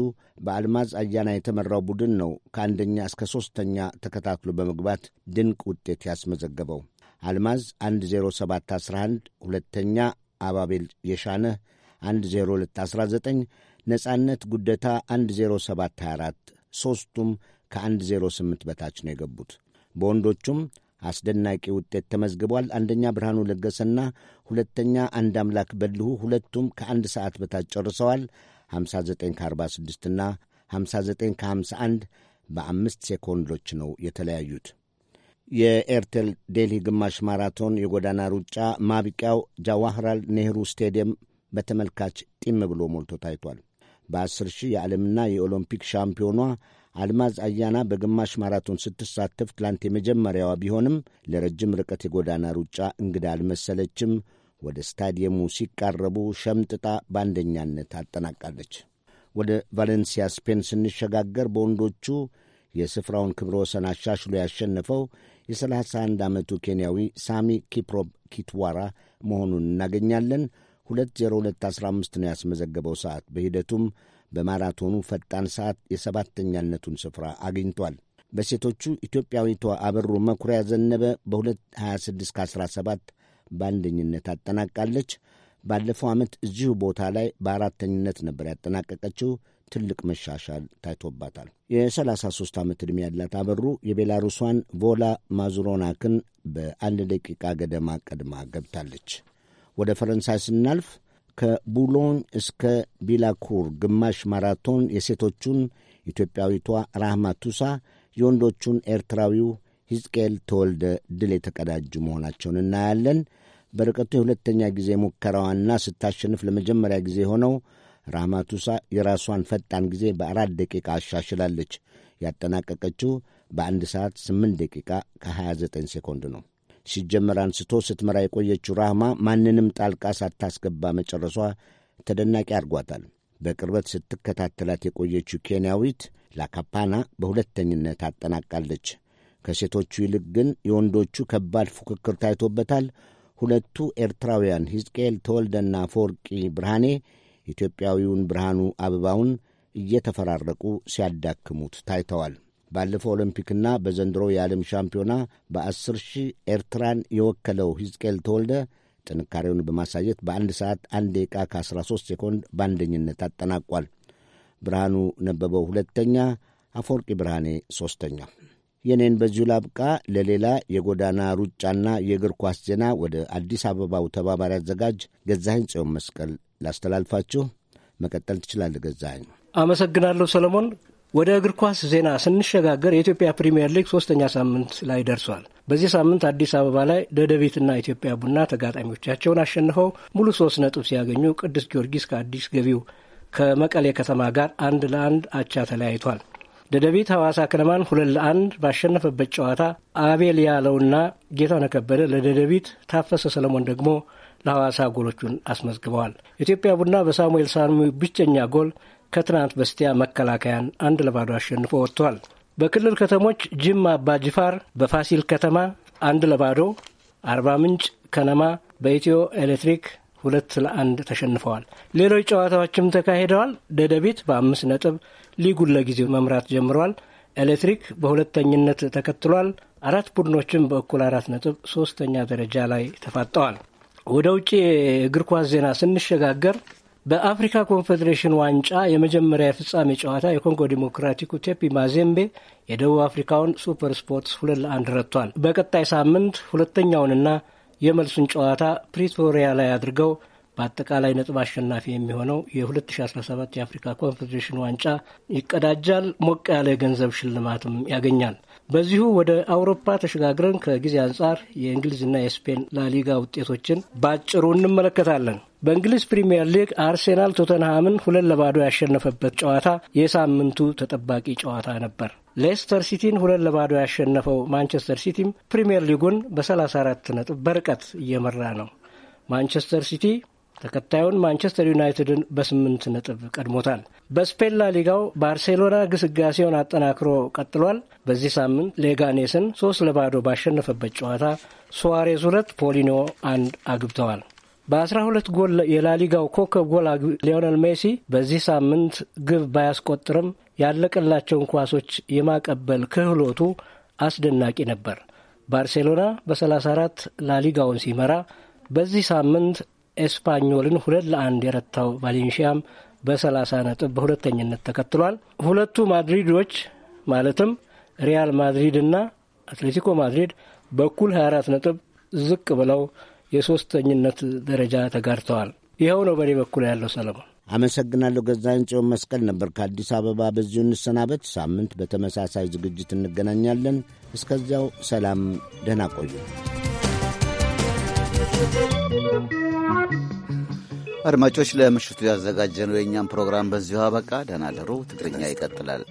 በአልማዝ አያና የተመራው ቡድን ነው ከአንደኛ እስከ ሦስተኛ ተከታትሎ በመግባት ድንቅ ውጤት ያስመዘገበው። አልማዝ 10711 ሁለተኛ፣ አባቤል የሻነህ 10219፣ ነጻነት ጉደታ 10724 ሦስቱም ከ108 በታች ነው የገቡት። በወንዶቹም አስደናቂ ውጤት ተመዝግቧል። አንደኛ ብርሃኑ ለገሰና ሁለተኛ አንድ አምላክ በልሁ ሁለቱም ከአንድ ሰዓት በታች ጨርሰዋል። 59 ከ46 እና 59 ከ51 በአምስት ሴኮንዶች ነው የተለያዩት። የኤርቴል ዴልሂ ግማሽ ማራቶን የጎዳና ሩጫ ማብቂያው ጃዋህራል ኔህሩ ስቴዲየም በተመልካች ጢም ብሎ ሞልቶ ታይቷል። በ10 ሺህ የዓለምና የኦሎምፒክ ሻምፒዮኗ አልማዝ አያና በግማሽ ማራቶን ስትሳተፍ ትላንት የመጀመሪያዋ ቢሆንም ለረጅም ርቀት የጎዳና ሩጫ እንግዳ አልመሰለችም። ወደ ስታዲየሙ ሲቃረቡ ሸምጥጣ በአንደኛነት አጠናቃለች። ወደ ቫሌንሲያ ስፔን ስንሸጋገር በወንዶቹ የስፍራውን ክብረ ወሰን አሻሽሎ ያሸነፈው የ31 ዓመቱ ኬንያዊ ሳሚ ኪፕሮብ ኪትዋራ መሆኑን እናገኛለን። 20215 ነው ያስመዘገበው ሰዓት። በሂደቱም በማራቶኑ ፈጣን ሰዓት የሰባተኛነቱን ስፍራ አግኝቷል። በሴቶቹ ኢትዮጵያዊቷ አበሩ መኩሪያ ዘነበ በ22617 በአንደኝነት አጠናቃለች። ባለፈው ዓመት እዚሁ ቦታ ላይ በአራተኝነት ነበር ያጠናቀቀችው። ትልቅ መሻሻል ታይቶባታል። የ33 ዓመት ዕድሜ ያላት አበሩ የቤላሩሷን ቮላ ማዙሮናክን በአንድ ደቂቃ ገደማ ቀድማ ገብታለች። ወደ ፈረንሳይ ስናልፍ ከቡሎኝ እስከ ቢላኩር ግማሽ ማራቶን የሴቶቹን ኢትዮጵያዊቷ ራህማ ቱሳ፣ የወንዶቹን ኤርትራዊው ሂዝቅኤል ተወልደ ድል የተቀዳጁ መሆናቸውን እናያለን። በርቀቱ የሁለተኛ ጊዜ ሙከራዋና ስታሸንፍ ለመጀመሪያ ጊዜ የሆነው ራማቱሳ የራሷን ፈጣን ጊዜ በአራት ደቂቃ አሻሽላለች። ያጠናቀቀችው በአንድ ሰዓት 8 ደቂቃ ከ29 ሴኮንድ ነው። ሲጀመር አንስቶ ስትመራ የቆየችው ራህማ ማንንም ጣልቃ ሳታስገባ መጨረሷ ተደናቂ አድርጓታል። በቅርበት ስትከታተላት የቆየችው ኬንያዊት ላካፓና በሁለተኝነት አጠናቃለች። ከሴቶቹ ይልቅ ግን የወንዶቹ ከባድ ፉክክር ታይቶበታል። ሁለቱ ኤርትራውያን ሕዝቅኤል ተወልደና አፈወርቂ ብርሃኔ ኢትዮጵያዊውን ብርሃኑ አበባውን እየተፈራረቁ ሲያዳክሙት ታይተዋል። ባለፈው ኦሎምፒክና በዘንድሮ የዓለም ሻምፒዮና በ10 ሺህ ኤርትራን የወከለው ሕዝቅኤል ተወልደ ጥንካሬውን በማሳየት በአንድ ሰዓት አንድ ደቂቃ ከ13 ሴኮንድ በአንደኝነት አጠናቋል። ብርሃኑ ነበበው ሁለተኛ፣ አፈወርቂ ብርሃኔ ሦስተኛ። የኔን በዚሁ ላብቃ። ለሌላ የጎዳና ሩጫና የእግር ኳስ ዜና ወደ አዲስ አበባው ተባባሪ አዘጋጅ ገዛኸኝ ጽዮን መስቀል ላስተላልፋችሁ። መቀጠል ትችላለህ ገዛኸኝ።
አመሰግናለሁ ሰለሞን። ወደ እግር ኳስ ዜና ስንሸጋገር የኢትዮጵያ ፕሪምየር ሊግ ሶስተኛ ሳምንት ላይ ደርሷል። በዚህ ሳምንት አዲስ አበባ ላይ ደደቢትና ኢትዮጵያ ቡና ተጋጣሚዎቻቸውን አሸንፈው ሙሉ ሶስት ነጥብ ሲያገኙ ቅዱስ ጊዮርጊስ ከአዲስ ገቢው ከመቀሌ ከተማ ጋር አንድ ለአንድ አቻ ተለያይቷል። ደደቢት ሐዋሳ ከነማን ሁለት ለአንድ ባሸነፈበት ጨዋታ አቤል ያለውና ጌታነህ ከበደ ለደደቢት፣ ታፈሰ ሰለሞን ደግሞ ለሐዋሳ ጎሎቹን አስመዝግበዋል። ኢትዮጵያ ቡና በሳሙኤል ሳሙ ብቸኛ ጎል ከትናንት በስቲያ መከላከያን አንድ ለባዶ አሸንፎ ወጥቷል። በክልል ከተሞች ጅማ አባ ጅፋር በፋሲል ከተማ አንድ ለባዶ፣ አርባ ምንጭ ከነማ በኢትዮ ኤሌክትሪክ ሁለት ለአንድ ተሸንፈዋል። ሌሎች ጨዋታዎችም ተካሂደዋል። ደደቢት በአምስት ነጥብ ሊጉን ለጊዜው መምራት ጀምሯል። ኤሌክትሪክ በሁለተኝነት ተከትሏል። አራት ቡድኖችም በእኩል አራት ነጥብ ሶስተኛ ደረጃ ላይ ተፋጠዋል። ወደ ውጭ እግር ኳስ ዜና ስንሸጋገር በአፍሪካ ኮንፌዴሬሽን ዋንጫ የመጀመሪያ የፍጻሜ ጨዋታ የኮንጎ ዲሞክራቲኩ ቴፒ ማዜምቤ የደቡብ አፍሪካውን ሱፐር ስፖርትስ ሁለት ለአንድ ረቷል። በቀጣይ ሳምንት ሁለተኛውንና የመልሱን ጨዋታ ፕሪቶሪያ ላይ አድርገው በአጠቃላይ ነጥብ አሸናፊ የሚሆነው የ2017 የአፍሪካ ኮንፌዴሬሽን ዋንጫ ይቀዳጃል። ሞቅ ያለ የገንዘብ ሽልማትም ያገኛል። በዚሁ ወደ አውሮፓ ተሸጋግረን ከጊዜ አንጻር የእንግሊዝና የስፔን ላሊጋ ውጤቶችን ባጭሩ እንመለከታለን። በእንግሊዝ ፕሪምየር ሊግ አርሴናል ቶተንሃምን ሁለት ለባዶ ያሸነፈበት ጨዋታ የሳምንቱ ተጠባቂ ጨዋታ ነበር። ሌስተር ሲቲን ሁለት ለባዶ ያሸነፈው ማንቸስተር ሲቲም ፕሪምየር ሊጉን በ34 ነጥብ በርቀት እየመራ ነው። ማንቸስተር ሲቲ ተከታዩን ማንቸስተር ዩናይትድን በስምንት ነጥብ ቀድሞታል። በስፔን ላሊጋው ባርሴሎና ግስጋሴውን አጠናክሮ ቀጥሏል። በዚህ ሳምንት ሌጋኔስን ሶስት ለባዶ ባሸነፈበት ጨዋታ ሱዋሬዝ ሁለት ፖሊኒዮ አንድ አግብተዋል። በአስራ ሁለት ጎል የላሊጋው ኮከብ ጎል ሊዮነል ሜሲ በዚህ ሳምንት ግብ ባያስቆጥርም ያለቀላቸውን ኳሶች የማቀበል ክህሎቱ አስደናቂ ነበር። ባርሴሎና በ34 ላሊጋውን ሲመራ በዚህ ሳምንት ኤስፓኞልን ሁለት ለአንድ የረታው ቫሌንሺያም በሰላሳ ነጥብ በሁለተኝነት ተከትሏል። ሁለቱ ማድሪዶች ማለትም ሪያል ማድሪድ እና አትሌቲኮ ማድሪድ በኩል 24 ነጥብ ዝቅ ብለው የሶስተኝነት ደረጃ ተጋርተዋል። ይኸው ነው በእኔ በኩል ያለው። ሰለሞን
አመሰግናለሁ። ገዛኝ ጽዮን መስቀል ነበር ከአዲስ አበባ። በዚሁ እንሰናበት። ሳምንት በተመሳሳይ ዝግጅት እንገናኛለን። እስከዚያው ሰላም፣ ደህና ቆዩ።
አድማጮች ለምሽቱ ያዘጋጀነው የእኛም ፕሮግራም በዚሁ አበቃ። ደህና ደሩ። ትግርኛ ይቀጥላል።